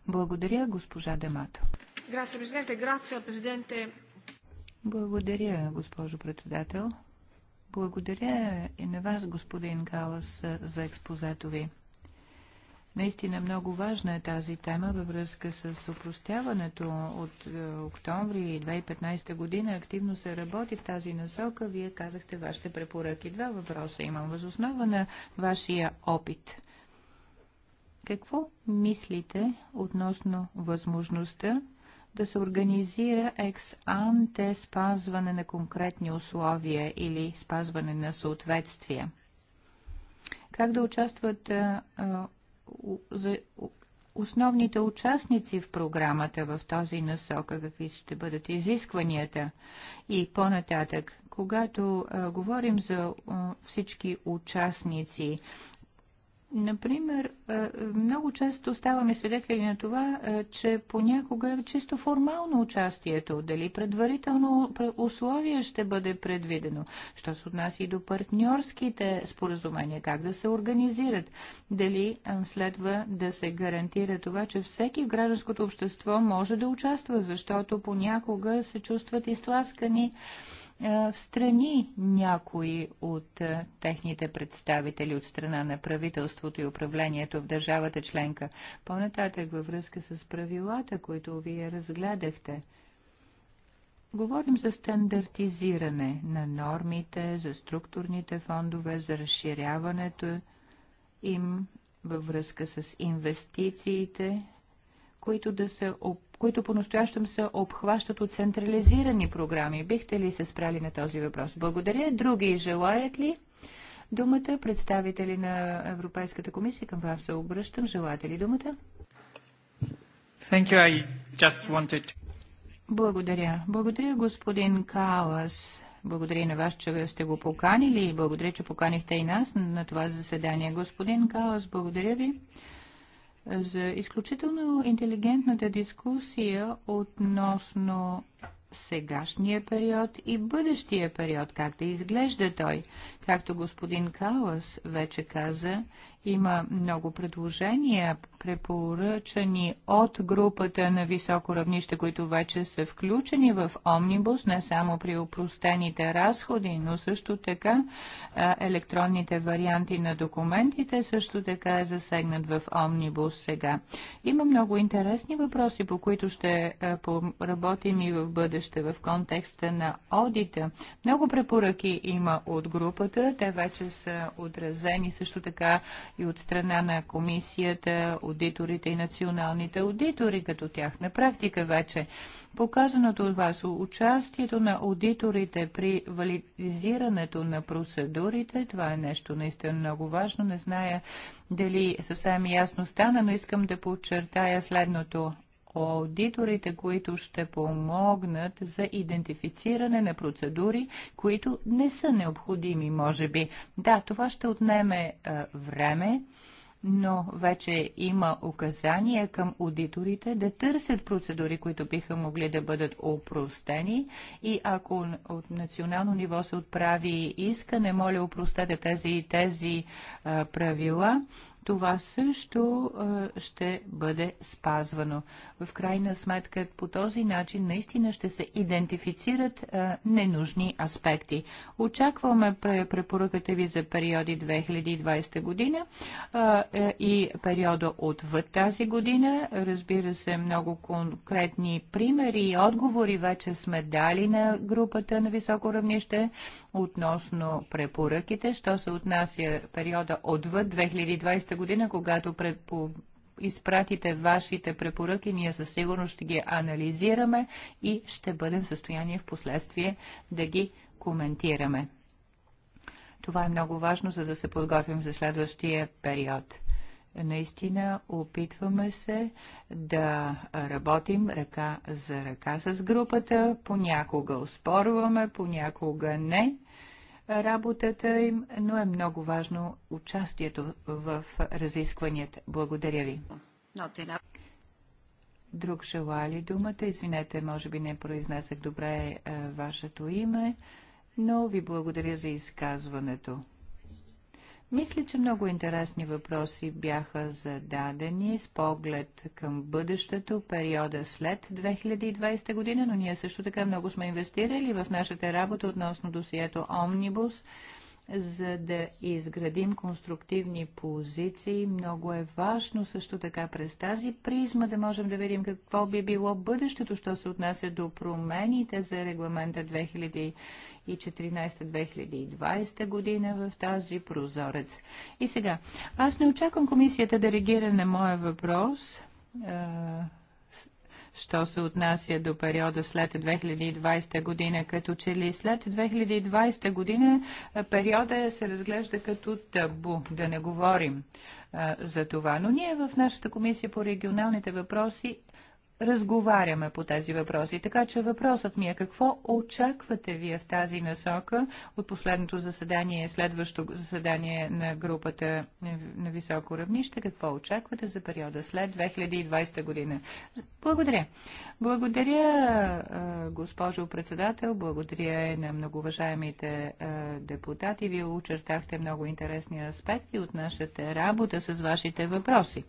Благодаря, госпожа Демато. Благодаря, госпожо председател. Благодаря и на вас, господин Калас, за експозето ви. Наистина много важна е тази тема във връзка с опростяването от е, октомври 2015 година. Активно се работи в тази насока. Вие казахте вашите препоръки. Два въпроса имам възоснова на вашия опит. Какво мислите относно възможността да се организира екс-анте спазване на конкретни условия или спазване на съответствия? Как да участват а, е, е, за основните участници в програмата в този насока, какви ще бъдат изискванията и по-нататък. Когато а, говорим за а, всички участници, Например, е, много често ставаме свидетели на това, е, че понякога е чисто формално участието, дали предварително условие ще бъде предвидено, що се отнася и до партньорските споразумения, как да се организират, дали е, следва да се гарантира това, че всеки в гражданското общество може да участва, защото понякога се чувстват изтласкани е, в страни някои от е, техните представители от страна на правителството и управлението в държавата членка. По-нататък във връзка с правилата, които вие разгледахте, Говорим за стандартизиране на нормите, за структурните фондове, за разширяването им във връзка с инвестициите, които да се които по-настоящем се обхващат от централизирани програми. Бихте ли се спрали на този въпрос? Благодаря. Други желаят ли? Думата представители на Европейската комисия към вас се обръщам. Желаете ли думата? Thank you. I just wanted Благодаря. Благодаря, господин Калас. Благодаря и на вас, че сте го поканили и благодаря, че поканихте и нас на това заседание. Господин Калас, благодаря ви за изключително интелигентната дискусия относно сегашния период и бъдещия период, как да изглежда той, Както господин Калас вече каза, има много предложения, препоръчани от групата на високо равнище, които вече са включени в Омнибус, не само при упростените разходи, но също така електронните варианти на документите също така е засегнат в Омнибус сега. Има много интересни въпроси, по които ще работим и в бъдеще в контекста на одита. Много препоръки има от групата работа. Те вече са отразени също така и от страна на комисията, аудиторите и националните аудитори, като тях на практика вече. Показаното от вас участието на аудиторите при валидизирането на процедурите, това е нещо наистина много важно. Не зная дали съвсем ясно стана, но искам да подчертая следното аудиторите, които ще помогнат за идентифициране на процедури, които не са необходими, може би. Да, това ще отнеме а, е, време, но вече има указания към аудиторите да търсят процедури, които биха могли да бъдат опростени и ако от национално ниво се отправи искане, моля опростете тези и тези а, е, правила, това също ще бъде спазвано. В крайна сметка по този начин наистина ще се идентифицират ненужни аспекти. Очакваме препоръката ви за периоди 2020 година е, и периода отвъд тази година. Разбира се, много конкретни примери и отговори вече сме дали на групата на високо равнище относно препоръките, що се отнася периода отвъд 2020 следващата година, когато предпо изпратите вашите препоръки, ние със сигурност ще ги анализираме и ще бъдем в състояние в последствие да ги коментираме. Това е много важно, за да се подготвим за следващия период. Наистина опитваме се да работим ръка за ръка с групата. Понякога успорваме, понякога не, работата им, но е много важно участието в разискванията. Благодаря ви. Друг желая ли думата? Извинете, може би не произнесах добре е, вашето име, но ви благодаря за изказването. Мисля, че много интересни въпроси бяха зададени с поглед към бъдещето, периода след 2020 година, но ние също така много сме инвестирали в нашата работа относно досието Омнибус – за да изградим конструктивни позиции. Много е важно също така през тази призма да можем да видим какво би било бъдещето, що се отнася до промените за регламента 2014-2020 година в тази прозорец. И сега, аз не очаквам комисията да реагира на моя въпрос що се отнася до периода след 2020 година, като че ли след 2020 година периода се разглежда като табу, да не говорим за това. Но ние в нашата комисия по регионалните въпроси разговаряме по тези въпроси. Така че въпросът ми е какво очаквате вие в тази насока от последното заседание, следващо заседание на групата на високо равнище? Какво очаквате за периода след 2020 година? Благодаря. Благодаря, госпожо председател, благодаря на многоважаемите депутати. Вие очертахте много интересни аспекти от нашата работа с вашите въпроси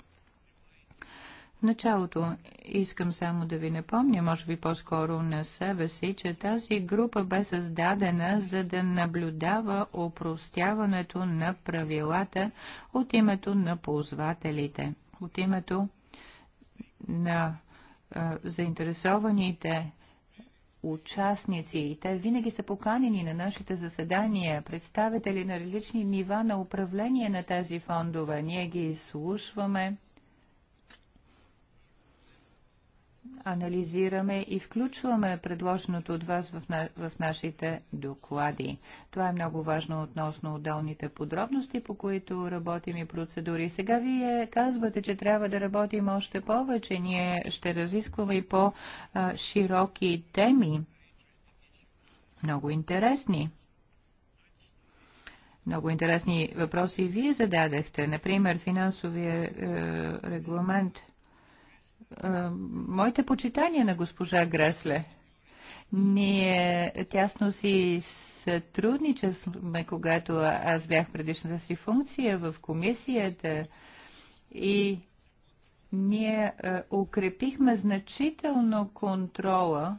началото искам само да ви напомня, може би по-скоро на себе си, че тази група бе създадена за да наблюдава опростяването на правилата от името на ползвателите, от името на е, заинтересованите участници и те винаги са поканени на нашите заседания, представители на различни нива на управление на тези фондове. Ние ги слушваме. анализираме и включваме предложеното от вас в, на, в нашите доклади. Това е много важно относно отделните подробности, по които работим и процедури. Сега вие казвате, че трябва да работим още повече. Ние ще разискваме и по-широки теми. Много интересни. Много интересни въпроси вие зададахте. Например, финансовия е, регламент – е, моите почитания на госпожа Гресле. Ние тясно си сътрудничахме, когато аз бях предишната си функция в комисията и ние е, укрепихме значително контрола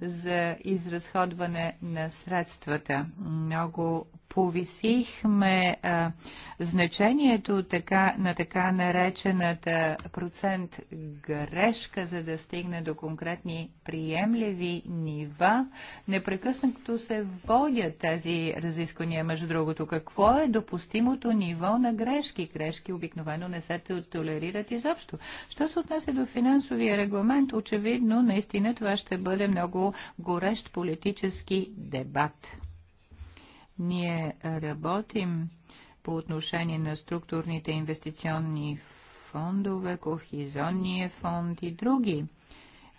за изразходване на средствата. Много повисихме а, значението така, на така наречената процент грешка, за да стигне до конкретни приемливи нива. Непрекъснато се водят тези разисквания, между другото. Какво е допустимото ниво на грешки? Грешки обикновено не се толерират изобщо. Що се отнася до финансовия регламент, очевидно, наистина това ще бъде много горещ политически дебат. Ние работим по отношение на структурните инвестиционни фондове, кохизонния фонд и други.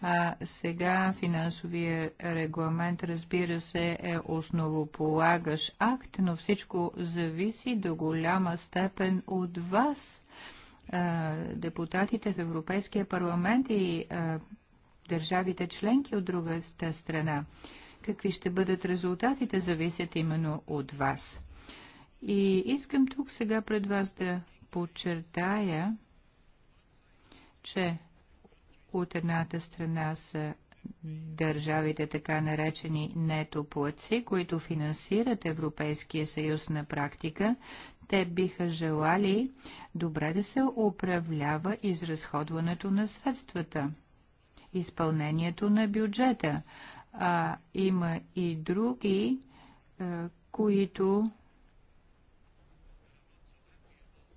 А сега финансовия регламент, разбира се, е основополагащ акт, но всичко зависи до голяма степен от вас, депутатите в Европейския парламент и държавите членки от другата страна какви ще бъдат резултатите, зависят именно от вас. И искам тук сега пред вас да подчертая, че от едната страна са държавите, така наречени нетоплаци, които финансират Европейския съюз на практика, те биха желали добре да се управлява изразходването на средствата, изпълнението на бюджета, а има и други, които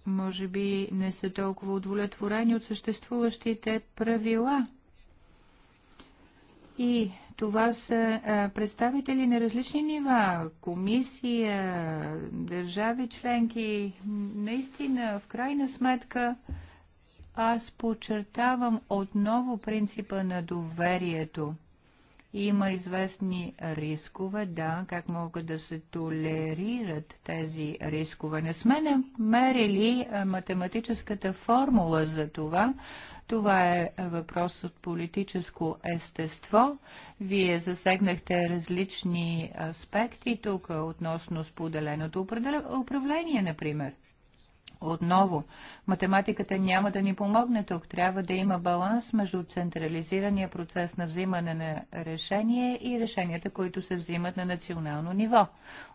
може би не са толкова удовлетворени от съществуващите правила. И това са представители на различни нива, комисия, държави членки. Наистина, в крайна сметка, аз подчертавам отново принципа на доверието – има известни рискове, да, как могат да се толерират тези рискове. Не сме намерили математическата формула за това, това е въпрос от политическо естество. Вие засегнахте различни аспекти тук относно споделеното управление, например. Отново, математиката няма да ни помогне тук. Трябва да има баланс между централизирания процес на взимане на решение и решенията, които се взимат на национално ниво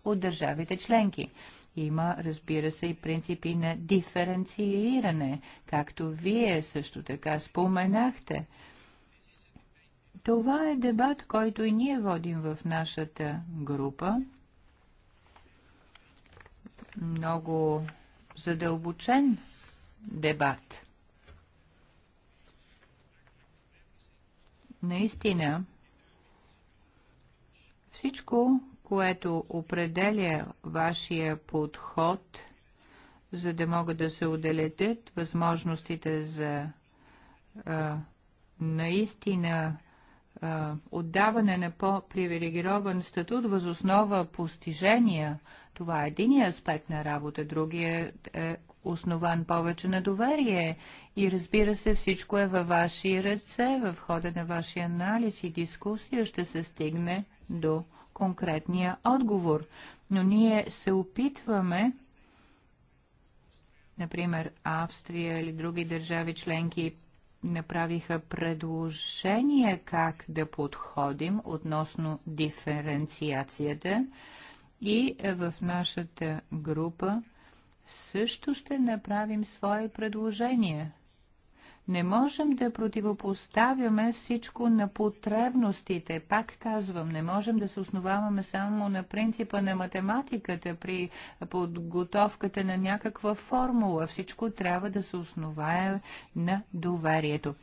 от държавите членки. Има, разбира се, и принципи на диференцииране, както вие също така споменахте. Това е дебат, който и ние водим в нашата група. Много задълбочен дебат. Наистина, всичко, което определя вашия подход, за да могат да се отделетят възможностите за а, наистина а, отдаване на по-привилегирован статут възоснова постижения, това е един аспект на работа. Другият е основан повече на доверие. И разбира се, всичко е във ваши ръце. В хода на вашия анализ и дискусия ще се стигне до конкретния отговор. Но ние се опитваме, например Австрия или други държави членки направиха предложение как да подходим относно диференциацията. И в нашата група също ще направим свои предложения. Не можем да противопоставяме всичко на потребностите. Пак казвам, не можем да се основаваме само на принципа на математиката при подготовката на някаква формула. Всичко трябва да се основае на доверието.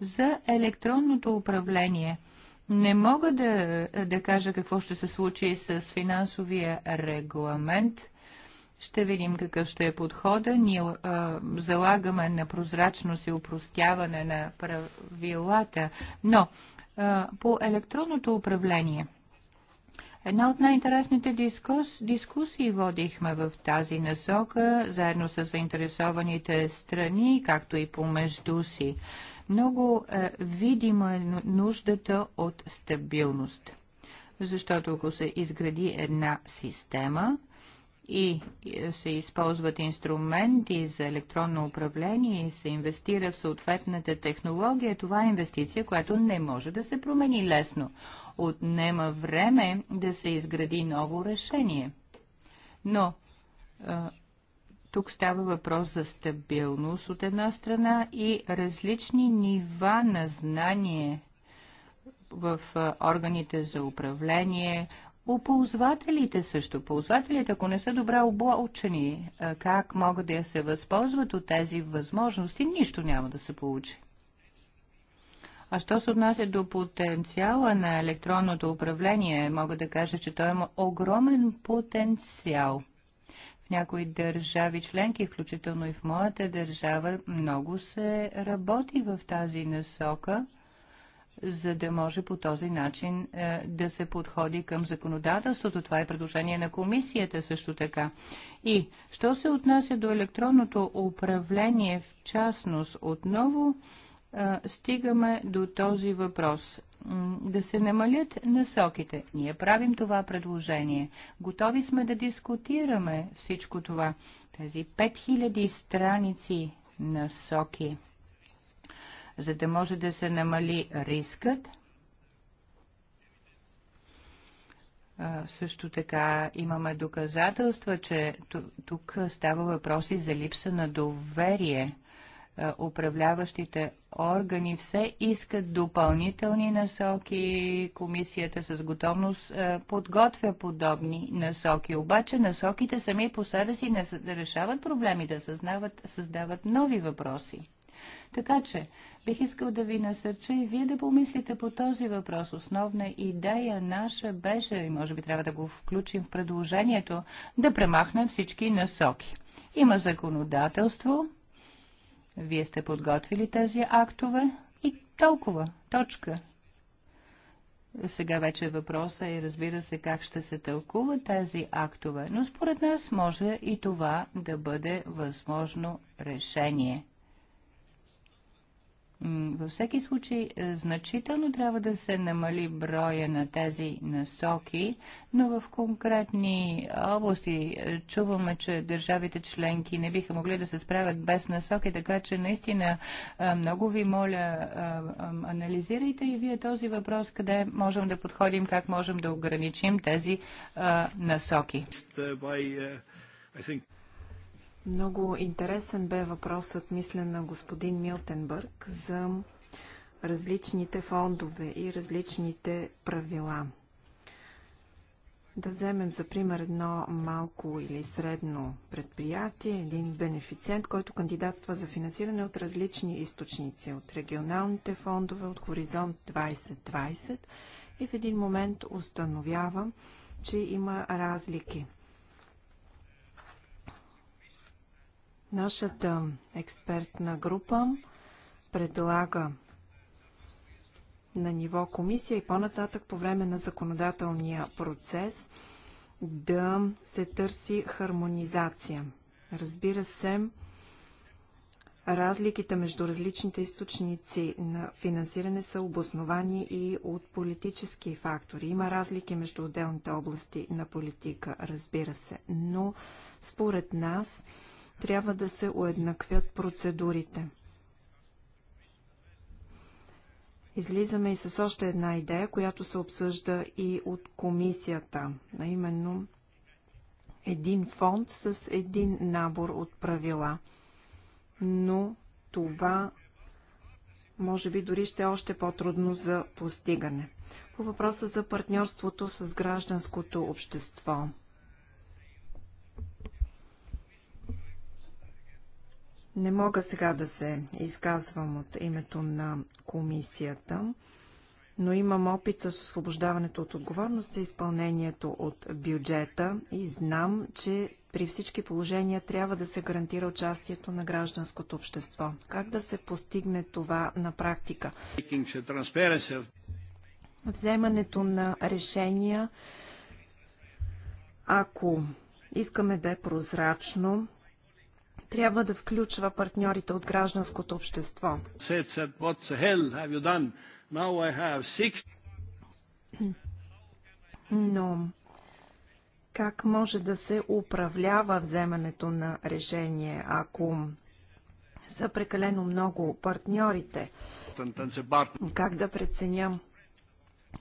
За електронното управление – не мога да, да кажа какво ще се случи с финансовия регламент. Ще видим какъв ще е подхода. Ние а, залагаме на прозрачност и упростяване на правилата. Но а, по електронното управление. Една от най-интересните дискус, дискусии водихме в тази насока, заедно с заинтересованите страни, както и помежду си. Много е, видима е нуждата от стабилност, защото ако се изгради една система, и е, се използват инструменти за електронно управление и се инвестира в съответната технология, това е инвестиция, която не може да се промени лесно. Отнема време да се изгради ново решение. Но е, тук става въпрос за стабилност от една страна и различни нива на знание в органите за управление, у ползвателите също. Ползвателите, ако не са добре обучени, как могат да се възползват от тези възможности, нищо няма да се получи. А що се отнася до потенциала на електронното управление, мога да кажа, че той има огромен потенциал – някои държави членки, включително и в моята държава, много се работи в тази насока, за да може по този начин е, да се подходи към законодателството. Това е предложение на комисията също така. И, що се отнася до електронното управление, в частност, отново е, стигаме до този въпрос да се намалят насоките. Ние правим това предложение. Готови сме да дискутираме всичко това. Тези 5000 страници насоки, за да може да се намали рискът, Също така имаме доказателства, че тук става въпроси за липса на доверие управляващите органи все искат допълнителни насоки. Комисията с готовност подготвя подобни насоки. Обаче насоките сами по себе си не решават проблемите, съзнават, създават нови въпроси. Така че, бих искал да ви насърча и вие да помислите по този въпрос. Основна идея наша беше, и може би трябва да го включим в предложението, да премахнем всички насоки. Има законодателство, вие сте подготвили тези актове и толкова. Точка. Сега вече въпроса и е, разбира се как ще се тълкува тези актове, но според нас може и това да бъде възможно решение. Във всеки случай, е, значително трябва да се намали броя на тези насоки, но в конкретни области е, чуваме, че държавите членки не биха могли да се справят без насоки, така че наистина е, много ви моля, анализирайте и вие този въпрос, къде можем да подходим, как можем да ограничим тези насоки. Много интересен бе въпросът, мисля, на господин Милтенбърг за различните фондове и различните правила. Да вземем за пример едно малко или средно предприятие, един бенефициент, който кандидатства за финансиране от различни източници, от регионалните фондове, от Хоризонт 2020 и в един момент установява, че има разлики – Нашата експертна група предлага на ниво комисия и по-нататък по време на законодателния процес да се търси хармонизация. Разбира се, разликите между различните източници на финансиране са обосновани и от политически фактори. Има разлики между отделните области на политика, разбира се, но според нас – трябва да се уеднаквят процедурите. Излизаме и с още една идея, която се обсъжда и от комисията, а именно един фонд с един набор от правила. Но това може би дори ще е още по-трудно за постигане. По въпроса за партньорството с гражданското общество – Не мога сега да се изказвам от името на комисията, но имам опит с освобождаването от отговорност за изпълнението от бюджета и знам, че при всички положения трябва да се гарантира участието на гражданското общество. Как да се постигне това на практика? Вземането на решения, ако искаме да е прозрачно, трябва да включва партньорите от гражданското общество. Но как може да се управлява вземането на решение, ако са прекалено много партньорите? Как да преценям?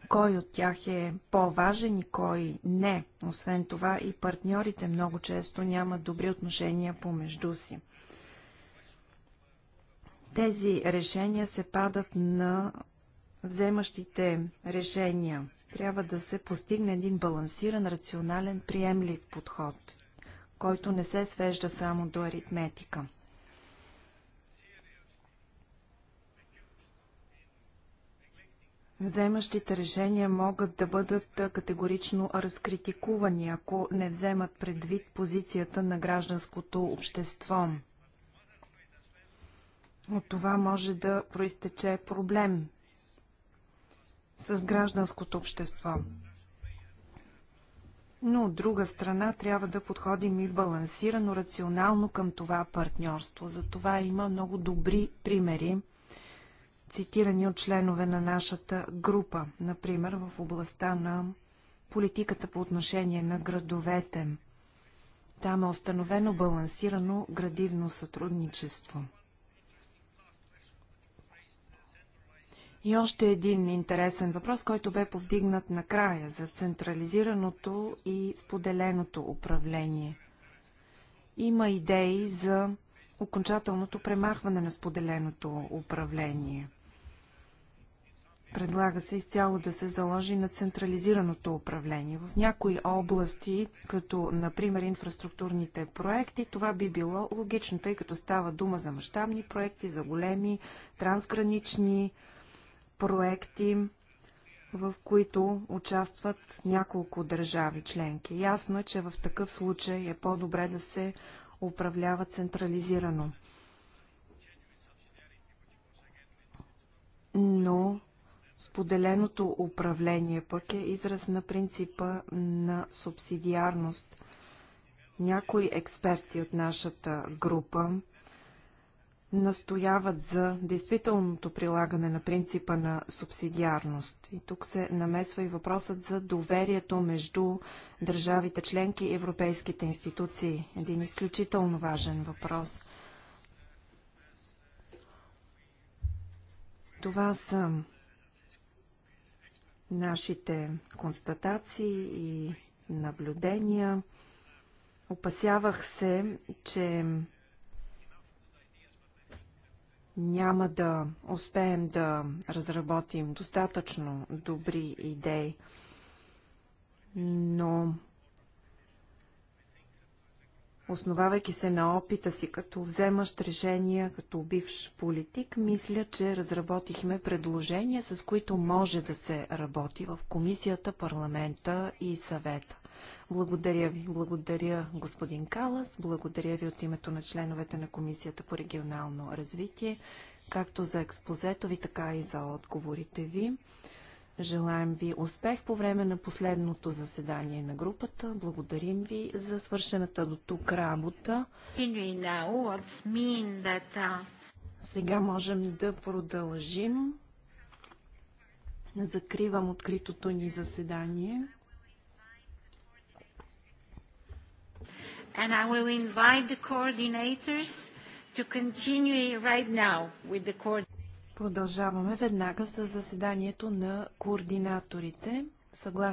кой от тях е по-важен и кой не. Освен това и партньорите много често нямат добри отношения помежду си. Тези решения се падат на вземащите решения. Трябва да се постигне един балансиран, рационален, приемлив подход, който не се свежда само до аритметика. вземащите решения могат да бъдат категорично разкритикувани, ако не вземат предвид позицията на гражданското общество. От това може да проистече проблем с гражданското общество. Но от друга страна трябва да подходим и балансирано, рационално към това партньорство. За това има много добри примери цитирани от членове на нашата група, например в областта на политиката по отношение на градовете. Там е установено балансирано градивно сътрудничество. И още един интересен въпрос, който бе повдигнат накрая за централизираното и споделеното управление. Има идеи за окончателното премахване на споделеното управление – Предлага се изцяло да се заложи на централизираното управление. В някои области, като например инфраструктурните проекти, това би било логично, тъй като става дума за мащабни проекти, за големи трансгранични проекти, в които участват няколко държави членки. Ясно е, че в такъв случай е по-добре да се управлява централизирано. но Споделеното управление пък е израз на принципа на субсидиарност. Някои експерти от нашата група настояват за действителното прилагане на принципа на субсидиарност. И тук се намесва и въпросът за доверието между държавите членки и европейските институции. Един изключително важен въпрос. Това са нашите констатации и наблюдения. Опасявах се, че няма да успеем да разработим достатъчно добри идеи, но основавайки се на опита си като вземащ решения, като бивш политик, мисля, че разработихме предложения, с които може да се работи в комисията, парламента и съвета. Благодаря ви. Благодаря господин Калас. Благодаря ви от името на членовете на Комисията по регионално развитие, както за експозето ви, така и за отговорите ви. Желаем ви успех по време на последното заседание на групата. Благодарим ви за свършената до тук работа. Сега можем да продължим. Закривам откритото ни заседание. And I will invite the coordinators to continue right now with the coordinators. Продължаваме веднага с заседанието на координаторите. Съгласно